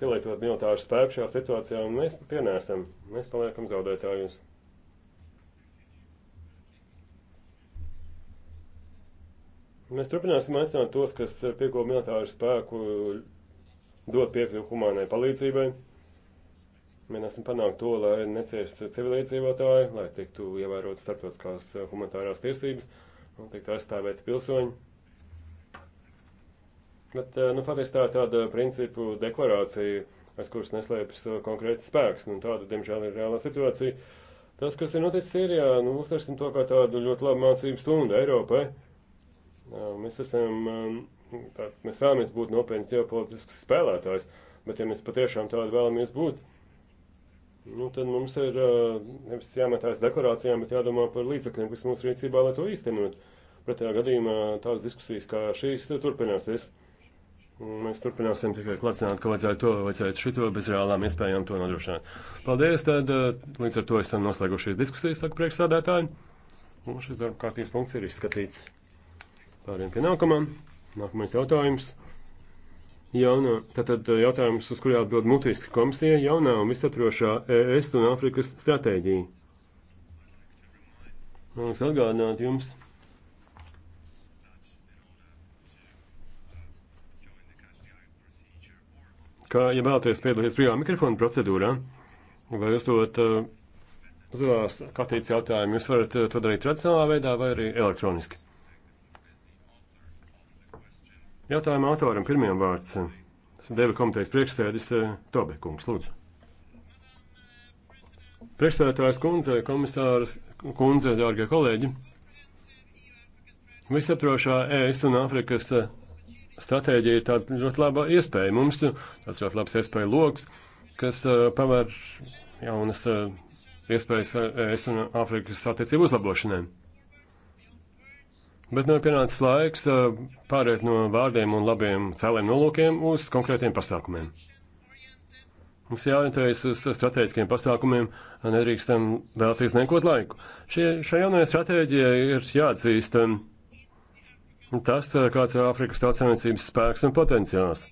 pielietot militāru spēku šajā situācijā, mēs pienēsam, mēs paliekam zaudētājus. Mēs turpināsim aicināt tos, kas pieko militāru spēku, dot piekļuvu humānai palīdzībai. Mēģināsim panākt to, lai neciestu civiliedzīvotāji, lai tiktu ievērotas starptautiskās humanitārās tiesības un tiktu aizstāvēti pilsoņi. Bet, eh, nu, patiesībā tā ir tāda principu deklarācija, aiz kuras neslēpjas eh, konkrēts spēks. Nu, tāda, diemžēl, ir reālā situācija. Tas, kas ir noticis Sīrijā, nu, uztversim to kā tādu ļoti labu mācību stundu Eiropai. Eh, mēs esam, tā, mēs vēlamies būt nopietns ģeopolitisks spēlētājs, bet ja mēs patiešām tādu vēlamies būt, nu, tad mums ir nevis jāmetās deklarācijām, bet jādomā par līdzekļiem, kas mūsu rīcībā, lai to īstenot. Pretējā gadījumā tādas diskusijas kā šīs turpināsies. Mēs turpināsim tikai klacināt, ka vajadzētu to, vajadzētu šito, bez reālām iespējām to nodrošināt. Paldies, tad eh, līdz ar to esam noslēgušies diskusijas, saka priekšsādātāji. Un šis darba kārtības punkts ir izskatīts. Pāriem pie nākamā. Nākamais jautājums. Jaunā, tātad eh, jautājums, uz kuru atbild mutiski komisija, jaunā un visaptrošā ES un Āfrikas stratēģija. Man liekas atgādināt jums. ka, ja vēlaties piedalīties brīvā mikrofona procedūrā vai uzdot uh, zilās katītes jautājumu, jūs varat uh, to darīt tradicionālā veidā vai arī elektroniski. Jautājuma autoram pirmiem vārds. Uh, tas ir Deva komitejas priekšsēdis uh, Tobe kungs, lūdzu. Priekšstādātājs kundze, komisārs kundze, dārgie kolēģi. Visaptrošā ES un Āfrikas stratēģija ir tāda ļoti laba iespēja mums, tāds ļoti labs iespēja loks, kas uh, pavēr jaunas uh, iespējas ES uh, un Āfrikas attiecību uzlabošanai. Bet nu ir pienācis laiks uh, pāriet no vārdiem un labiem cēliem nolūkiem uz konkrētiem pasākumiem. Mums jāorientējas uz strateģiskiem pasākumiem, nedrīkstam veltīt nekot laiku. Šie, šai jaunajai stratēģijai ir jāatzīst. Um, tas, eh, kāds ir Āfrikas tautsēmniecības spēks un potenciāls.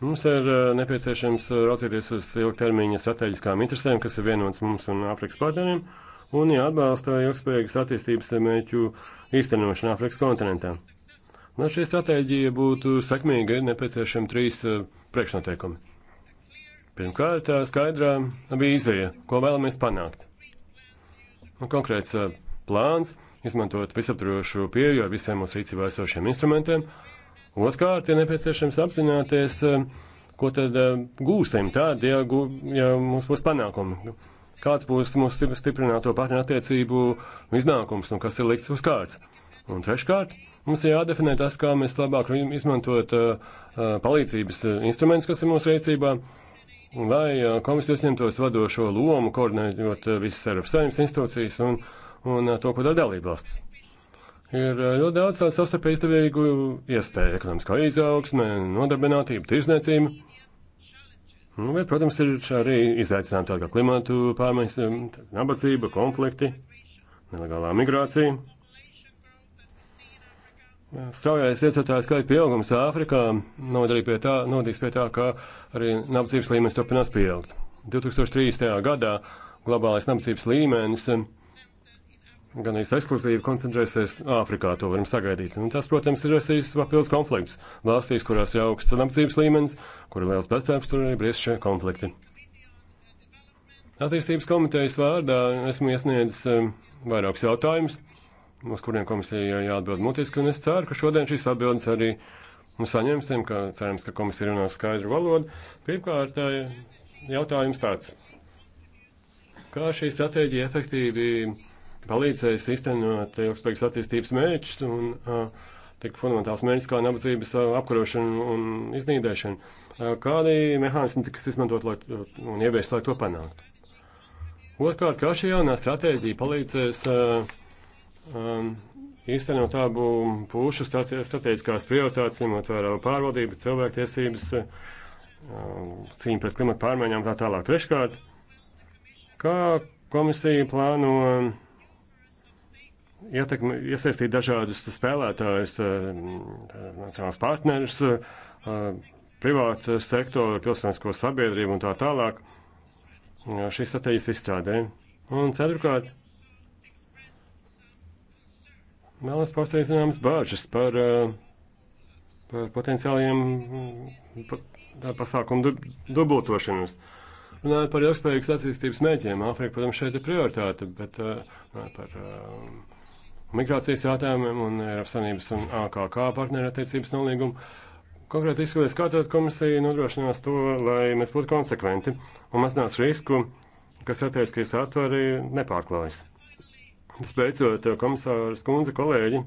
Mums ir eh, nepieciešams eh, raucīties uz ilgtermiņa strateģiskām interesēm, kas ir vienots mums un Āfrikas partneriem, un jāatbalsta ilgspējīgas attīstības mērķu īstenošana Āfrikas kontinentā. Lai nu, šī stratēģija būtu sekmīga, ir nepieciešami trīs uh, priekšnoteikumi. Pirmkārt, skaidrā vīzija, ko vēlamies panākt. Un konkrēts uh, plāns, izmantot visaptvarošu pieeju ar visiem mūsu rīcībā esošiem instrumentiem. Otkārt, ir nepieciešams apzināties, eh, ko tad eh, gūsim tad, ja, gū, ja mums būs panākumi. Kāds būs mūsu stiprināto partneru attiecību iznākums un kas ir likts uz kārts. Un treškārt, mums ir jādefinē tas, kā mēs labāk izmantot eh, palīdzības instrumentus, kas ir mūsu rīcībā, lai komisija uzņemtos vadošo lomu, koordinējot visas Eiropas saimnes institūcijas un institūcijas un uh, to, ko dara dalībvalstis. Ir uh, ļoti daudz tādu savstarpēji izdevīgu iespēju - ekonomiskā izaugsme, nodarbinātība, tirzniecība. Nu, bet, protams, ir arī izaicinājumi tādi kā klimatu pārmaiņas, um, nabadzība, konflikti, nelegālā migrācija. Straujais iedzīvotāju skaita pieaugums Āfrikā nodarīs pie tā, nodarīs pie tā ka arī nabadzības līmenis turpinās pieaugt. 2030. gadā globālais nabadzības līmenis um, gan arī ekskluzīvi koncentrēsies Āfrikā. To varam sagaidīt. Un tas, protams, ir rasījis papildus konflikts valstīs, kurās ir augsts nabadzības līmenis, kur ir liels bezdarbs, tur arī briest šie konflikti. Attīstības komitejas vārdā esmu iesniedzis eh, vairākus jautājumus, uz kuriem komisija jāatbild mutiski, un es ceru, ka šodien šīs atbildes arī saņemsim, ka cerams, ka komisija runās skaidru valodu. Pirmkārt, eh, jautājums tāds. Kā šī stratēģija efektīvi palīdzējis iztenot ilgspējīgas attīstības mērķus un uh, tik fundamentāls mērķis kā nabadzības uh, apkarošana un iznīdēšana. Uh, kādi mehānismi tiks izmantot lai, un ieviest, lai to panāktu? Otrkārt, kā šī jaunā stratēģija palīdzēs uh, um, īstenot abu pušu strate strateģiskās prioritātes, ņemot vērā pārvaldību, cilvēktiesības, um, cīņu pret klimatu pārmaiņām tā tālāk. Treškārt, kā komisija plāno um, ietekmi, iesaistīt dažādus spēlētājus, eh, nacionālus partnerus, eh, privātu sektoru, pilsonisko sabiedrību un tā tālāk eh, šīs strateģijas izstrādē. Un ceturkārt, vēlas paustīt zināmas bāžas par, par potenciāliem mm, pasākumu dubultošanos. Runājot par ilgspējīgas attīstības mēģiem, Āfrika, protams, šeit ir prioritāte, bet par migrācijas jautājumiem un Eiropas Savienības un AKK partnerattiecības nolīgumu. Konkrēti izskaties, kā tad komisija nodrošinās to, lai mēs būtu konsekventi un mazinās risku, kas attiecas atveri nepārklājas. Spēcot komisāras kundze kolēģi,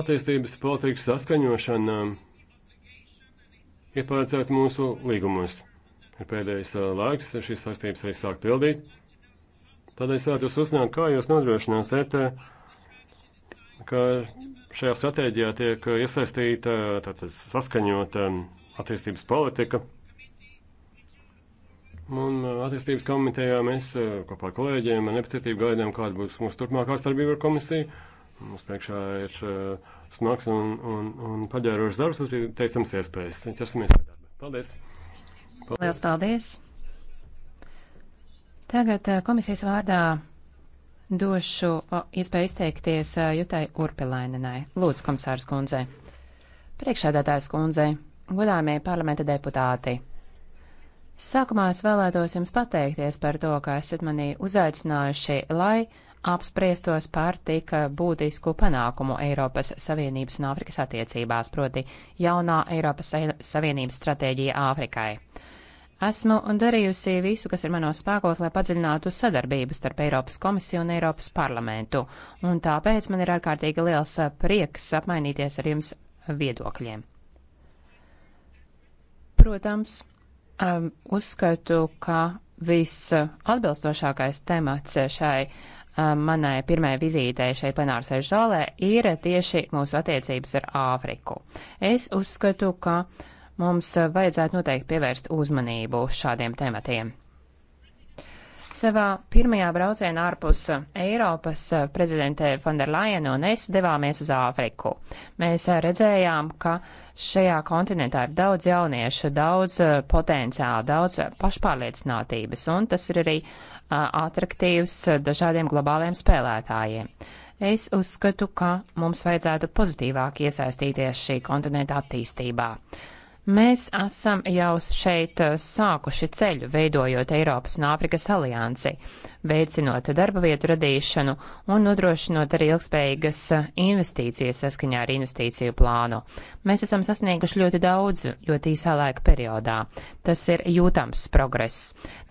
attīstības politikas saskaņošana ir paredzēta mūsu līgumos. Ir pēdējais uh, laiks šīs saistības arī sākt pildīt. Tādēļ es vēlētos uzzināt, kā jūs nodrošināsiet, ka šajā stratēģijā tiek iesaistīta tātad saskaņota um, attīstības politika. Un uh, attīstības komitejā mēs uh, kopā ar kolēģiem ar nepacietību gaidām, kāda būs mūsu turpmākā starpība ar komisiju. Mums priekšā ir uh, smags un, un, un paģērošs darbs, bet teicams iespējas. Ķersimies pie darba. Paldies! paldies. Lielas paldies! Tagad eh, komisijas vārdā došu iespēju izteikties eh, Jutai Urpilaininai. Lūdzu, komisārs kundze. Priekšādātājs kundze, godāmie parlamenta deputāti. Sākumā es vēlētos jums pateikties par to, ka esat mani uzaicinājuši, lai apspriestos par tik būtisku panākumu Eiropas Savienības un Āfrikas attiecībās, proti jaunā Eiropas Savienības stratēģija Āfrikai. Esmu darījusi visu, kas ir manos spēkos, lai padziļinātu sadarbību starp Eiropas komisiju un Eiropas parlamentu, un tāpēc man ir ārkārtīgi liels eh, prieks apmainīties ar jums viedokļiem. Protams, ehm, uzskatu, ka viss atbilstošākais temats šai ehm, manai pirmajai vizītei šeit plenārsēžu zālē ir tieši mūsu attiecības ar Āfriku. Es uzskatu, ka uh, Mums eh, vajadzētu noteikti pievērst uzmanību šādiem tematiem. Savā pirmajā braucienā ārpus eh, Eiropas eh, prezidentē Fonderlajena un es devāmies uz Āfriku. Mēs redzējām, ka šajā kontinentā ir daudz jauniešu, daudz potenciāla, daudz pašpārliecinātības, un tas ir arī atraktīvs dažādiem globāliem spēlētājiem. Es uzskatu, ka mums vajadzētu pozitīvāk iesaistīties šī kontinenta attīstībā. Mēs esam jau šeit eh, sākuši ceļu, veidojot Eiropas un Āfrikas aliansi, veicinot darba vietu radīšanu un nodrošinot arī ilgspējīgas eh, investīcijas saskaņā ar investīciju plānu. Mēs esam sasnieguši ļoti daudz ļoti īsā laika periodā. Tas ir jūtams progress.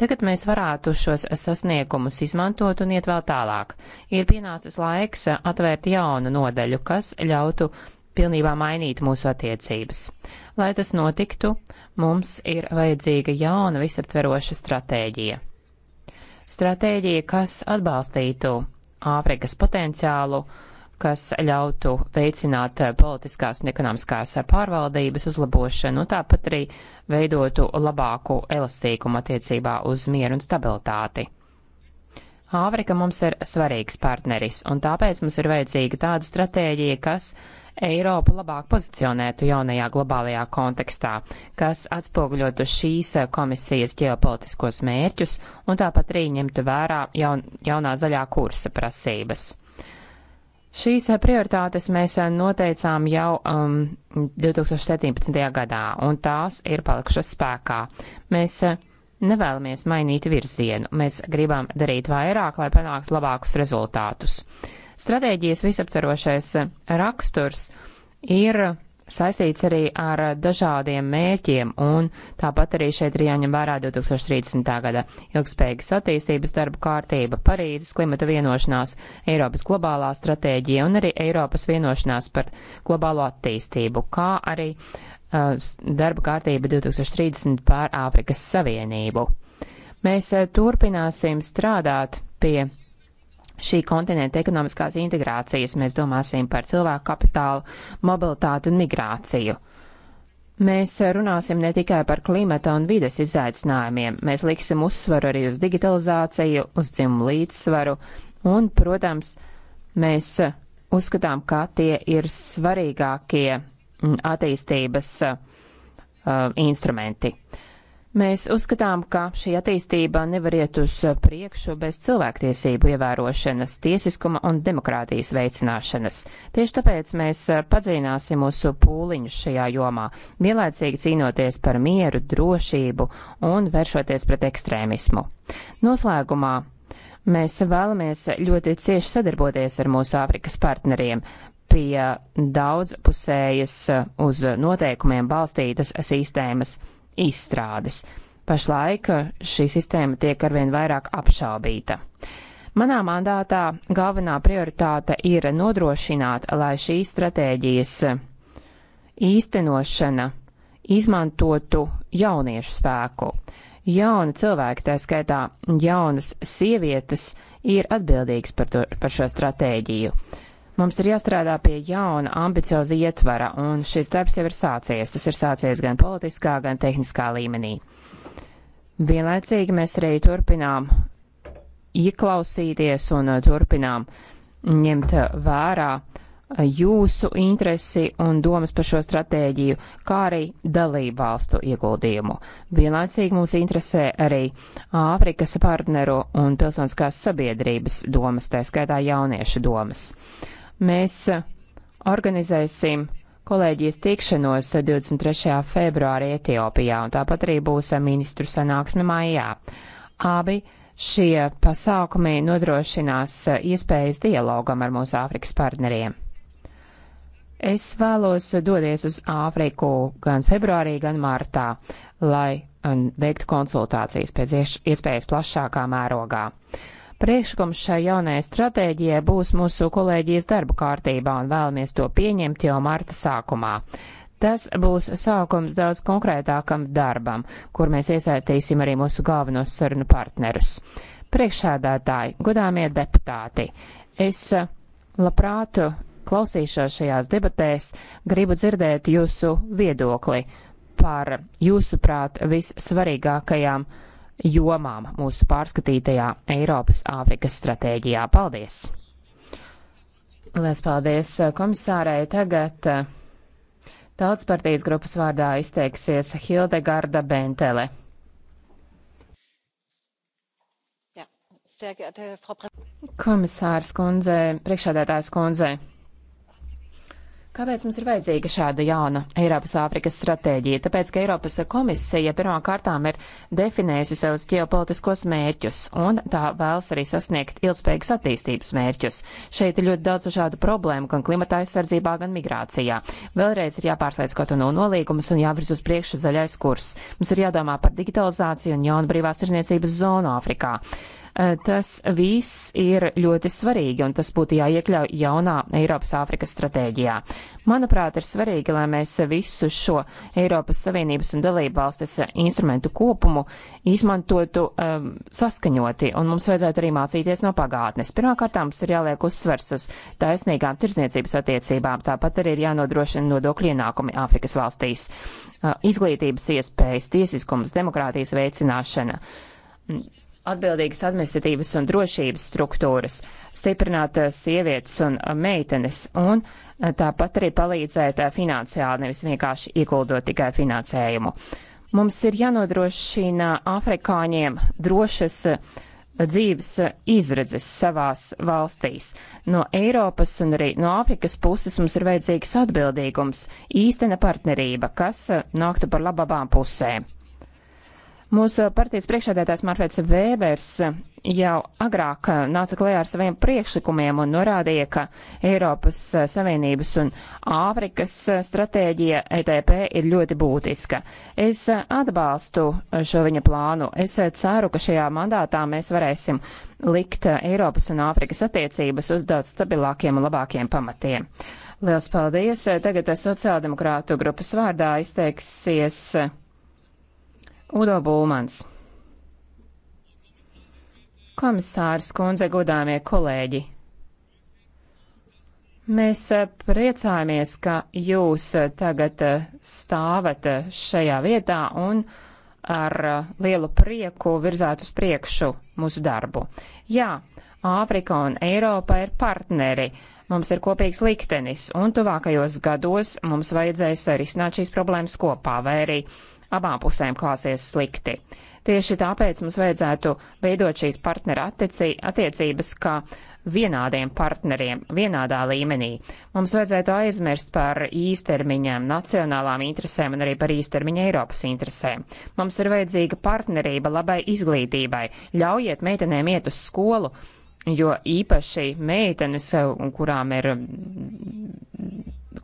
Tagad mēs varētu šos sasniegumus izmantot un iet vēl tālāk. Ir pienācis laiks eh, atvērt jaunu nodaļu, kas ļautu pilnībā mainīt mūsu attiecības. Lai tas notiktu, mums ir vajadzīga jauna visaptveroša stratēģija. Stratēģija, kas atbalstītu Āfrikas potenciālu, kas ļautu veicināt politiskās un ekonomiskās pārvaldības uzlabošanu, un tāpat arī veidotu labāku elastīkumu attiecībā uz mieru un stabilitāti. Āfrika mums ir svarīgs partneris, un tāpēc mums ir vajadzīga tāda stratēģija, kas Eiropu labāk pozicionētu jaunajā globālajā kontekstā, kas atspoguļotu šīs komisijas ģeopolitiskos mērķus un tāpat arī ņemtu vērā jaun, jaunā zaļā kursa prasības. Šīs prioritātes mēs noteicām jau um, 2017. gadā, un tās ir palikušas spēkā. Mēs uh, nevēlamies mainīt virzienu, mēs gribam darīt vairāk, lai panāktu labākus rezultātus. Stratēģijas visaptvarošais raksturs ir saistīts arī ar dažādiem mērķiem, un tāpat arī šeit ir jāņem vērā 2030. gada ilgspējīgas attīstības darba kārtība, Parīzes klimata vienošanās, Eiropas globālā stratēģija un arī Eiropas vienošanās par globālo attīstību, kā arī uh, darba kārtība 2030 pār Āfrikas Savienību. Mēs uh, turpināsim strādāt pie šī kontinenta ekonomiskās integrācijas. Mēs domāsim par cilvēku kapitālu, mobilitāti un migrāciju. Mēs runāsim ne tikai par klimata un vides izaicinājumiem, mēs liksim uzsvaru arī uz digitalizāciju, uz dzimumu līdzsvaru un, protams, mēs uzskatām, ka tie ir svarīgākie mm, attīstības uh, instrumenti. Uh, Mēs uzskatām, ka šī attīstība nevar iet uz priekšu bez cilvēktiesību ievērošanas, tiesiskuma un demokrātijas veicināšanas. Tieši tāpēc mēs padzīnāsim mūsu pūliņus šajā jomā, vienlaicīgi cīnoties par mieru, drošību un vēršoties pret ekstrēmismu. Noslēgumā mēs vēlamies ļoti cieši sadarboties ar mūsu Āfrikas partneriem pie daudzpusējas uz noteikumiem balstītas sistēmas izstrādes. Pašlaik eh, šī sistēma tiek arvien vairāk apšaubīta. Manā mandātā galvenā prioritāte ir nodrošināt, lai šīs stratēģijas eh, īstenošana izmantotu jauniešu spēku. Jauni cilvēki, tā skaitā jaunas sievietes, ir atbildīgs par, to, par šo stratēģiju. Mums ir jāstrādā pie jauna, ambicioza ietvara, un šis darbs jau ir sācies. Tas ir sācies gan politiskā, gan tehniskā līmenī. Vienlaicīgi mēs arī turpinām ieklausīties un uh, turpinām ņemt uh, vērā uh, jūsu interesi un domas par šo stratēģiju, kā arī dalību valstu ieguldījumu. Vienlaicīgi mūs interesē arī Āfrikas partneru un pilsoniskās sabiedrības domas, tā skaitā jauniešu domas. Mēs organizēsim kolēģijas tikšanos 23. februārī Etiopijā, un tāpat arī būs ministru sanāksme maijā. Abi šie pasākumi nodrošinās iespējas dialogam ar mūsu Āfrikas partneriem. Es vēlos doties uz Āfriku gan februārī, gan martā, lai veiktu konsultācijas pēc iespējas plašākā mērogā. Uh, Priekšlikums šai jaunajai stratēģijai būs mūsu kolēģijas darba kārtībā un vēlamies to pieņemt jau marta sākumā. Tas būs sākums daudz konkrētākam darbam, kur mēs iesaistīsim arī mūsu galvenos sarunu partnerus. Priekšsēdētāji, godāmie deputāti, es eh, labprāt klausīšos šajās debatēs, gribu dzirdēt jūsu viedokli par jūsuprāt vissvarīgākajām jomām mūsu pārskatītajā Eiropas Āfrikas stratēģijā. Paldies! Lielas paldies eh, komisārai. Tagad eh, Tautas partijas grupas vārdā izteiksies Hildegarda Bentele. Komisārs kundze, priekšādētājs kundze, Kāpēc mums ir vajadzīga šāda jauna Eiropas Āfrikas stratēģija? Tāpēc, ka Eiropas komisija pirmā kārtām ir definējusi savus ģeopolitiskos mērķus, un tā vēlas arī sasniegt ilgspējīgas attīstības mērķus. Šeit ir ļoti daudz dažādu problēmu, gan klimata aizsardzībā, gan migrācijā. Vēlreiz ir jāpārslēdz kaut no nolīgumus un jāvirz uz priekšu zaļais kurs. Mums ir jādomā par digitalizāciju un jaunu brīvās tirzniecības zonu Āfrikā. Eh, tas viss ir ļoti svarīgi, un tas būtu jāiekļauj jaunā Eiropas Āfrikas stratēģijā. Manuprāt, ir svarīgi, lai mēs visu šo Eiropas Savienības un dalību valstis instrumentu kopumu izmantotu um, saskaņoti, un mums vajadzētu arī mācīties no pagātnes. Pirmkārt, mums ir jāliek uzsvers uz taisnīgām tirzniecības attiecībām, tāpat arī ir jānodrošina nodokļu ienākumi Āfrikas valstīs, uh, izglītības iespējas, tiesiskums, demokrātijas veicināšana atbildīgas administratīvas un drošības struktūras, stiprināt eh, sievietes un eh, meitenes, un eh, tāpat arī palīdzēt finansiāli, nevis vienkārši ieguldot tikai finansējumu. Mums ir jānodrošina afrikāņiem drošas dzīves izredzes savās valstīs. No Eiropas un arī no Āfrikas puses mums ir vajadzīgs atbildīgums, īstena partnerība, kas nāktu par labām pusēm. Mūsu partijas priekšsēdētājs Marfēds Vēbers jau agrāk nāca klajā ar saviem priekšlikumiem un norādīja, ka Eiropas Savienības un Āfrikas stratēģija ETP ir ļoti būtiska. Es atbalstu šo viņa plānu. Es ceru, ka šajā mandātā mēs varēsim likt Eiropas un Āfrikas attiecības uz daudz stabilākiem un labākiem pamatiem. Liels paldies! Tagad sociāldemokrātu grupas vārdā izteiksies. Udo Bulmans. Komisārs kundze, godāmie kolēģi, Mēs eh, priecājamies, ka jūs eh, tagad eh, stāvat šajā vietā un ar lielu prieku virzāt uz priekšu mūsu darbu. Jā, Āfrika un Eiropa ir partneri, mums ir kopīgs liktenis, un tuvākajos gados mums vajadzēs arī snākt šīs problēmas kopā, vai arī abām pusēm klāsies slikti. Tieši tāpēc mums vajadzētu veidot šīs partneru attiecības kā vienādiem partneriem, vienādā līmenī. Mums vajadzētu aizmirst par īstermiņām, nacionālām interesēm un arī par īstermiņa Eiropas interesēm. Mums ir vajadzīga partnerība labai izglītībai. Ļaujiet meitenēm iet uz skolu, jo īpaši meitenes, kurām ir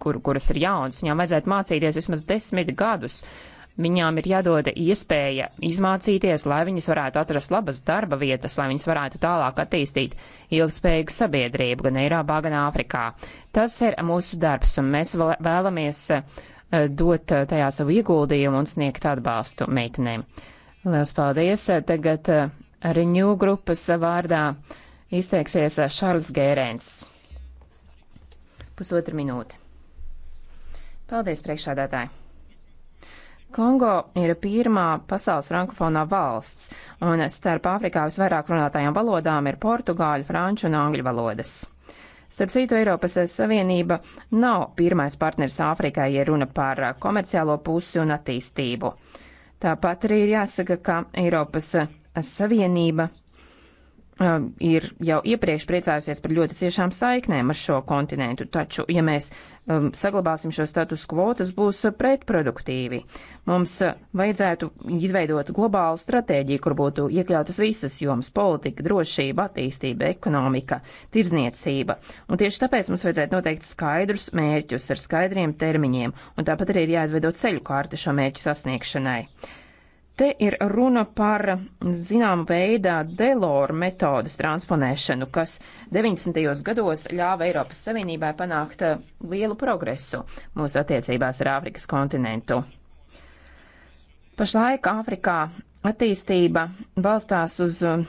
kur, kuras ir jaunas, viņām vajadzētu mācīties vismaz desmit gadus. Viņām ir jādoda iespēja izmācīties, lai viņas varētu atrast labas darba vietas, lai viņas varētu tālāk attīstīt ilgspējīgu sabiedrību gan Eiropā, gan Āfrikā. Tas ir mūsu darbs, un mēs vēlamies eh, dot eh, tajā savu ieguldījumu un sniegt atbalstu meitenēm. Lielas paldies! Tagad eh, Riņū grupas vārdā izteiksies Šarls Gērēns. Pusotra minūte. Paldies, priekšādātāji! Kongo ir pirmā pasaules frankofonā valsts, un starp Āfrikā visvairāk runātajām valodām ir portugāļu, franču un angļu valodas. Starp citu, Eiropas Savienība nav pirmais partners Āfrikai, ja runa par komerciālo pusi un attīstību. Tāpat arī ir jāsaka, ka Eiropas Savienība Um, ir jau iepriekš priecājusies par ļoti ciešām saiknēm ar šo kontinentu, taču, ja mēs um, saglabāsim šo status quo, tas būs uh, pretproduktīvi. Mums uh, vajadzētu izveidot globālu stratēģiju, kur būtu iekļautas visas jomas - politika, drošība, attīstība, ekonomika, tirdzniecība. Un tieši tāpēc mums vajadzētu noteikt skaidrus mērķus ar skaidriem termiņiem, un tāpat arī ir jāizveido ceļu kārta šo mērķu sasniegšanai. Te ir runa par zināmu veidā Delora metodas transponēšanu, kas 90. gados ļāva Eiropas Savienībai panākt eh, lielu progresu mūsu attiecībās ar Āfrikas kontinentu. Pašlaik Āfrikā attīstība balstās uz eh,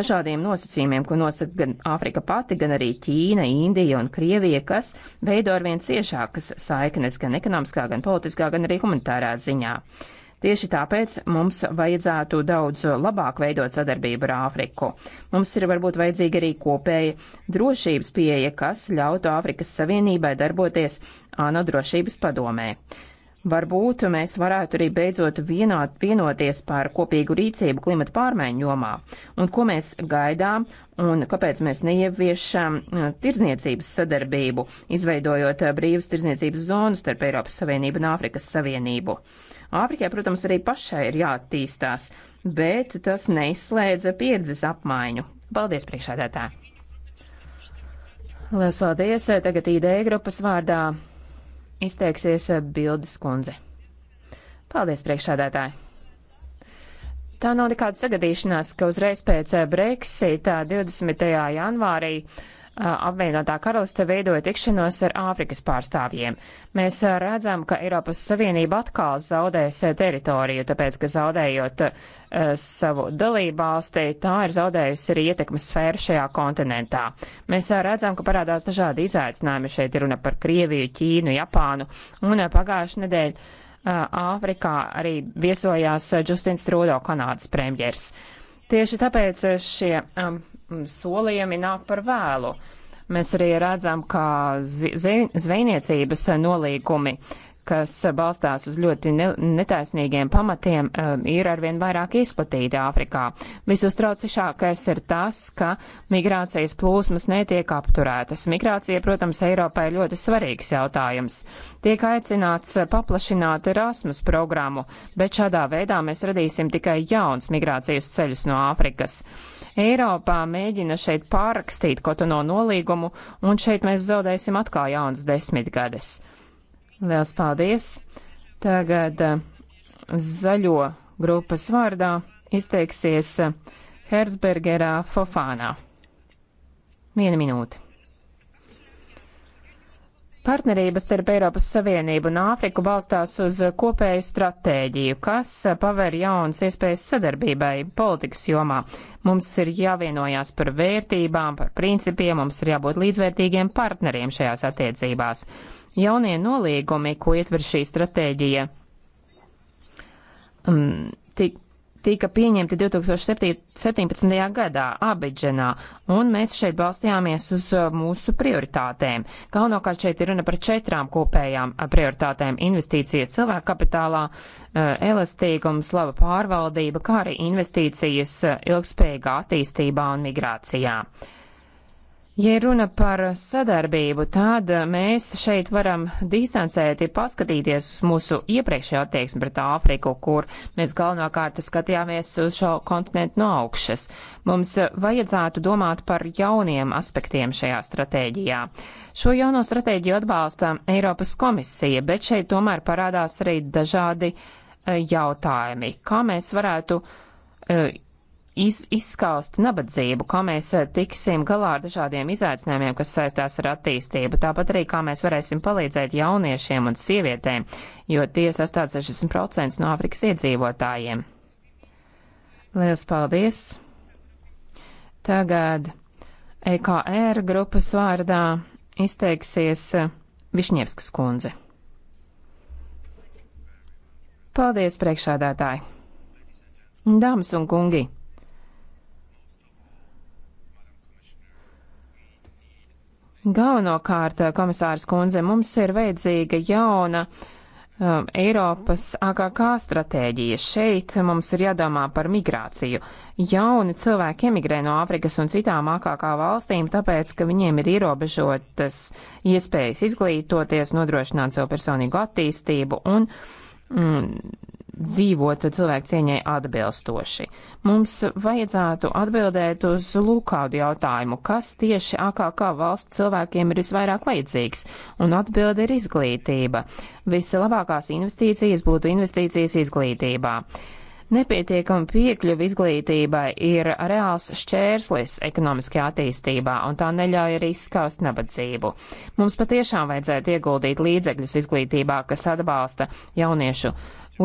dažādiem nosacījumiem, ko nosaka gan Āfrika pati, gan arī Ķīna, Indija un Krievija, kas veido arvien ciešākas saiknes gan ekonomiskā, gan politiskā, gan arī humanitārā ziņā. Tieši tāpēc mums vajadzētu daudz labāk veidot sadarbību ar Āfriku. Mums ir varbūt vajadzīga arī kopēja drošības pieeja, kas ļautu Āfrikas Savienībai darboties ANO drošības padomē. Varbūt mēs varētu arī beidzot vienot, vienoties par kopīgu rīcību klimata pārmaiņu jomā, un ko mēs gaidām, un kāpēc mēs neieviešam eh, tirzniecības sadarbību, izveidojot eh, brīvas tirzniecības zonu starp Eiropas Savienību un Āfrikas Savienību. Āfrikai, protams, arī pašai ir jāattīstās, bet tas neizslēdza pieredzes apmaiņu. Paldies, priekšādētā! Lielas paldies! Tagad ideja grupas vārdā izteiksies Bildes kundze. Paldies, priekšādētāji! Tā nav nekāda sagadīšanās, ka uzreiz pēc Brexita 20. janvārī apvienotā karaliste veidoja tikšanos ar Āfrikas pārstāvjiem. Mēs redzam, ka Eiropas Savienība atkal zaudēs teritoriju, tāpēc, ka zaudējot savu dalībvalstī, tā ir zaudējusi arī ietekmes sfēru šajā kontinentā. Mēs redzam, ka parādās dažādi izaicinājumi. Šeit ir runa par Krieviju, Ķīnu, Japānu un pagājušajā nedēļā. Āfrikā arī viesojās Justins Trūdo, Kanādas premjers. Tieši tāpēc šie um, solījumi nāk par vēlu. Mēs arī redzam, ka zvejniecības nolīgumi, kas balstās uz ļoti netaisnīgiem pamatiem, um, ir arvien vairāk izplatīti Āfrikā. Visuztraucišākais ir tas, ka migrācijas plūsmas netiek apturētas. Migrācija, protams, Eiropai ir ļoti svarīgs jautājums. Tiek aicināts paplašināt Erasmus programmu, bet šādā veidā mēs radīsim tikai jauns migrācijas ceļus no Āfrikas. Eiropā mēģina šeit pārrakstīt Kotono nolīgumu, un šeit mēs zaudēsim atkal jaunas desmitgades. Liels paldies! Tagad eh, zaļo grupas vārdā izteiksies eh, Herzbergerā Fofānā. Viena minūte. Partnerības starp Eiropas Savienību un Āfriku balstās uz kopēju stratēģiju, kas paver jaunas iespējas sadarbībai politikas jomā. Mums ir jāvienojās par vērtībām, par principiem, mums ir jābūt līdzvērtīgiem partneriem šajās attiecībās. Jaunie nolīgumi, ko ietver šī stratēģija, mm, tik tika pieņemti 2017. gadā Abidžanā, un mēs šeit balstījāmies uz uh, mūsu prioritātēm. Galvenokārt šeit ir runa par četrām kopējām uh, prioritātēm - investīcijas cilvēku kapitālā, uh, elastīgums, laba pārvaldība, kā arī investīcijas ilgspējīgā attīstībā un migrācijā. Ja runa par sadarbību, tad mēs šeit varam distancēti paskatīties uz mūsu iepriekšējo attieksmi pret Āfriku, kur mēs galvenokārt skatījāmies uz šo kontinentu no augšas. Mums vajadzētu domāt par jauniem aspektiem šajā stratēģijā. Šo jauno stratēģiju atbalsta Eiropas komisija, bet šeit tomēr parādās arī dažādi e, jautājumi, kā mēs varētu e, iz, izskaust nabadzību, kā mēs eh, tiksim galā ar dažādiem izaicinājumiem, kas saistās ar attīstību, tāpat arī kā mēs varēsim palīdzēt jauniešiem un sievietēm, jo tie sastāv 60% no Āfrikas iedzīvotājiem. Lielas paldies! Tagad EKR grupas vārdā izteiksies eh, Višņevskas kundze. Paldies, priekšādātāji! Dāmas un kungi! Galvenokārt, eh, komisārs kundze, mums ir vajadzīga jauna um, Eiropas AKK stratēģija. Šeit mums ir jādomā par migrāciju. Jauni cilvēki emigrē no Āfrikas un citām AKK valstīm, tāpēc, ka viņiem ir ierobežotas iespējas izglītoties, nodrošināt savu personīgo attīstību un uh, mm, dzīvot cilvēku cieņai atbilstoši. Mums vajadzētu atbildēt uz lūkādu jautājumu, kas tieši AKK valsts cilvēkiem ir visvairāk vajadzīgs, un atbilde ir izglītība. Vislabākās investīcijas būtu investīcijas izglītībā. Nepietiekama piekļuva izglītībai ir reāls šķērslis ekonomiskajā attīstībā, un tā neļauj arī izskaust nabadzību. Mums patiešām vajadzētu ieguldīt līdzekļus izglītībā, kas atbalsta jauniešu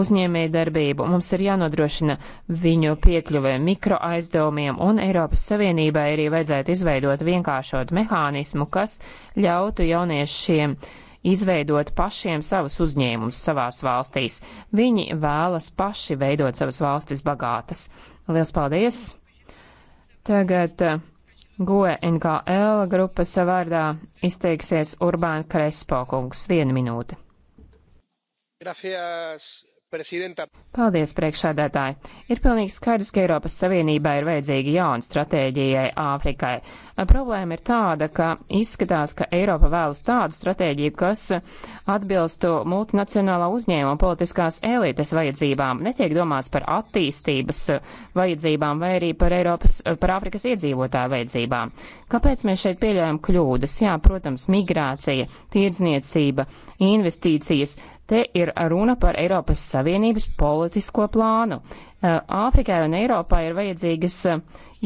uzņēmējdarbību, mums ir jānodrošina viņu piekļuvē mikro aizdevumiem, un Eiropas Savienībai arī vajadzētu izveidot vienkāršot mehānismu, kas ļautu jauniešiem uh, izveidot pašiem savus uzņēmumus savās valstīs. Viņi vēlas paši veidot savas valstis bagātas. Lielas paldies! Tagad eh, GOE NKL grupas vārdā izteiksies Urbāna Krespo kungs. Viena minūte. Gracias, Presidenta. Paldies, priekšsādātāji! Ir pilnīgi skaidrs, ka Eiropas Savienībā ir vajadzīga jauna stratēģijai Āfrikai. Problēma ir tāda, ka izskatās, ka Eiropa vēlas tādu stratēģiju, kas atbilstu multinacionālā uzņēmuma politiskās elites vajadzībām. Netiek domāts par attīstības vajadzībām vai arī par, Eiropas, par Āfrikas iedzīvotāju vajadzībām. Kāpēc mēs šeit pieļaujam kļūdas? Jā, protams, migrācija, tirdzniecība, investīcijas. Te ir runa par Eiropas Savienības politisko plānu. Eh, Āfrikai un Eiropai ir vajadzīgas eh,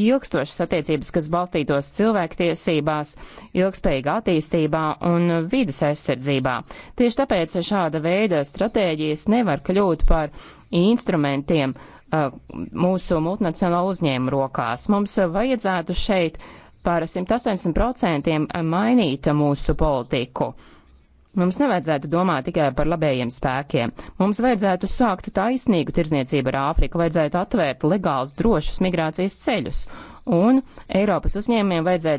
ilgstošas attiecības, kas balstītos cilvēktiesībās, ilgspējīgā attīstībā un vidas aizsardzībā. Tieši tāpēc šāda veida stratēģijas nevar kļūt par instrumentiem eh, mūsu multinacionālu uzņēmumu rokās. Mums vajadzētu šeit par 180% mainīt mūsu politiku. Mums nevajadzētu domāt tikai par labējiem spēkiem. Mums vajadzētu sākt taisnīgu tirzniecību ar Āfriku, vajadzētu atvērt legālus, drošus migrācijas ceļus. Un Eiropas uzņēmumiem vajadzētu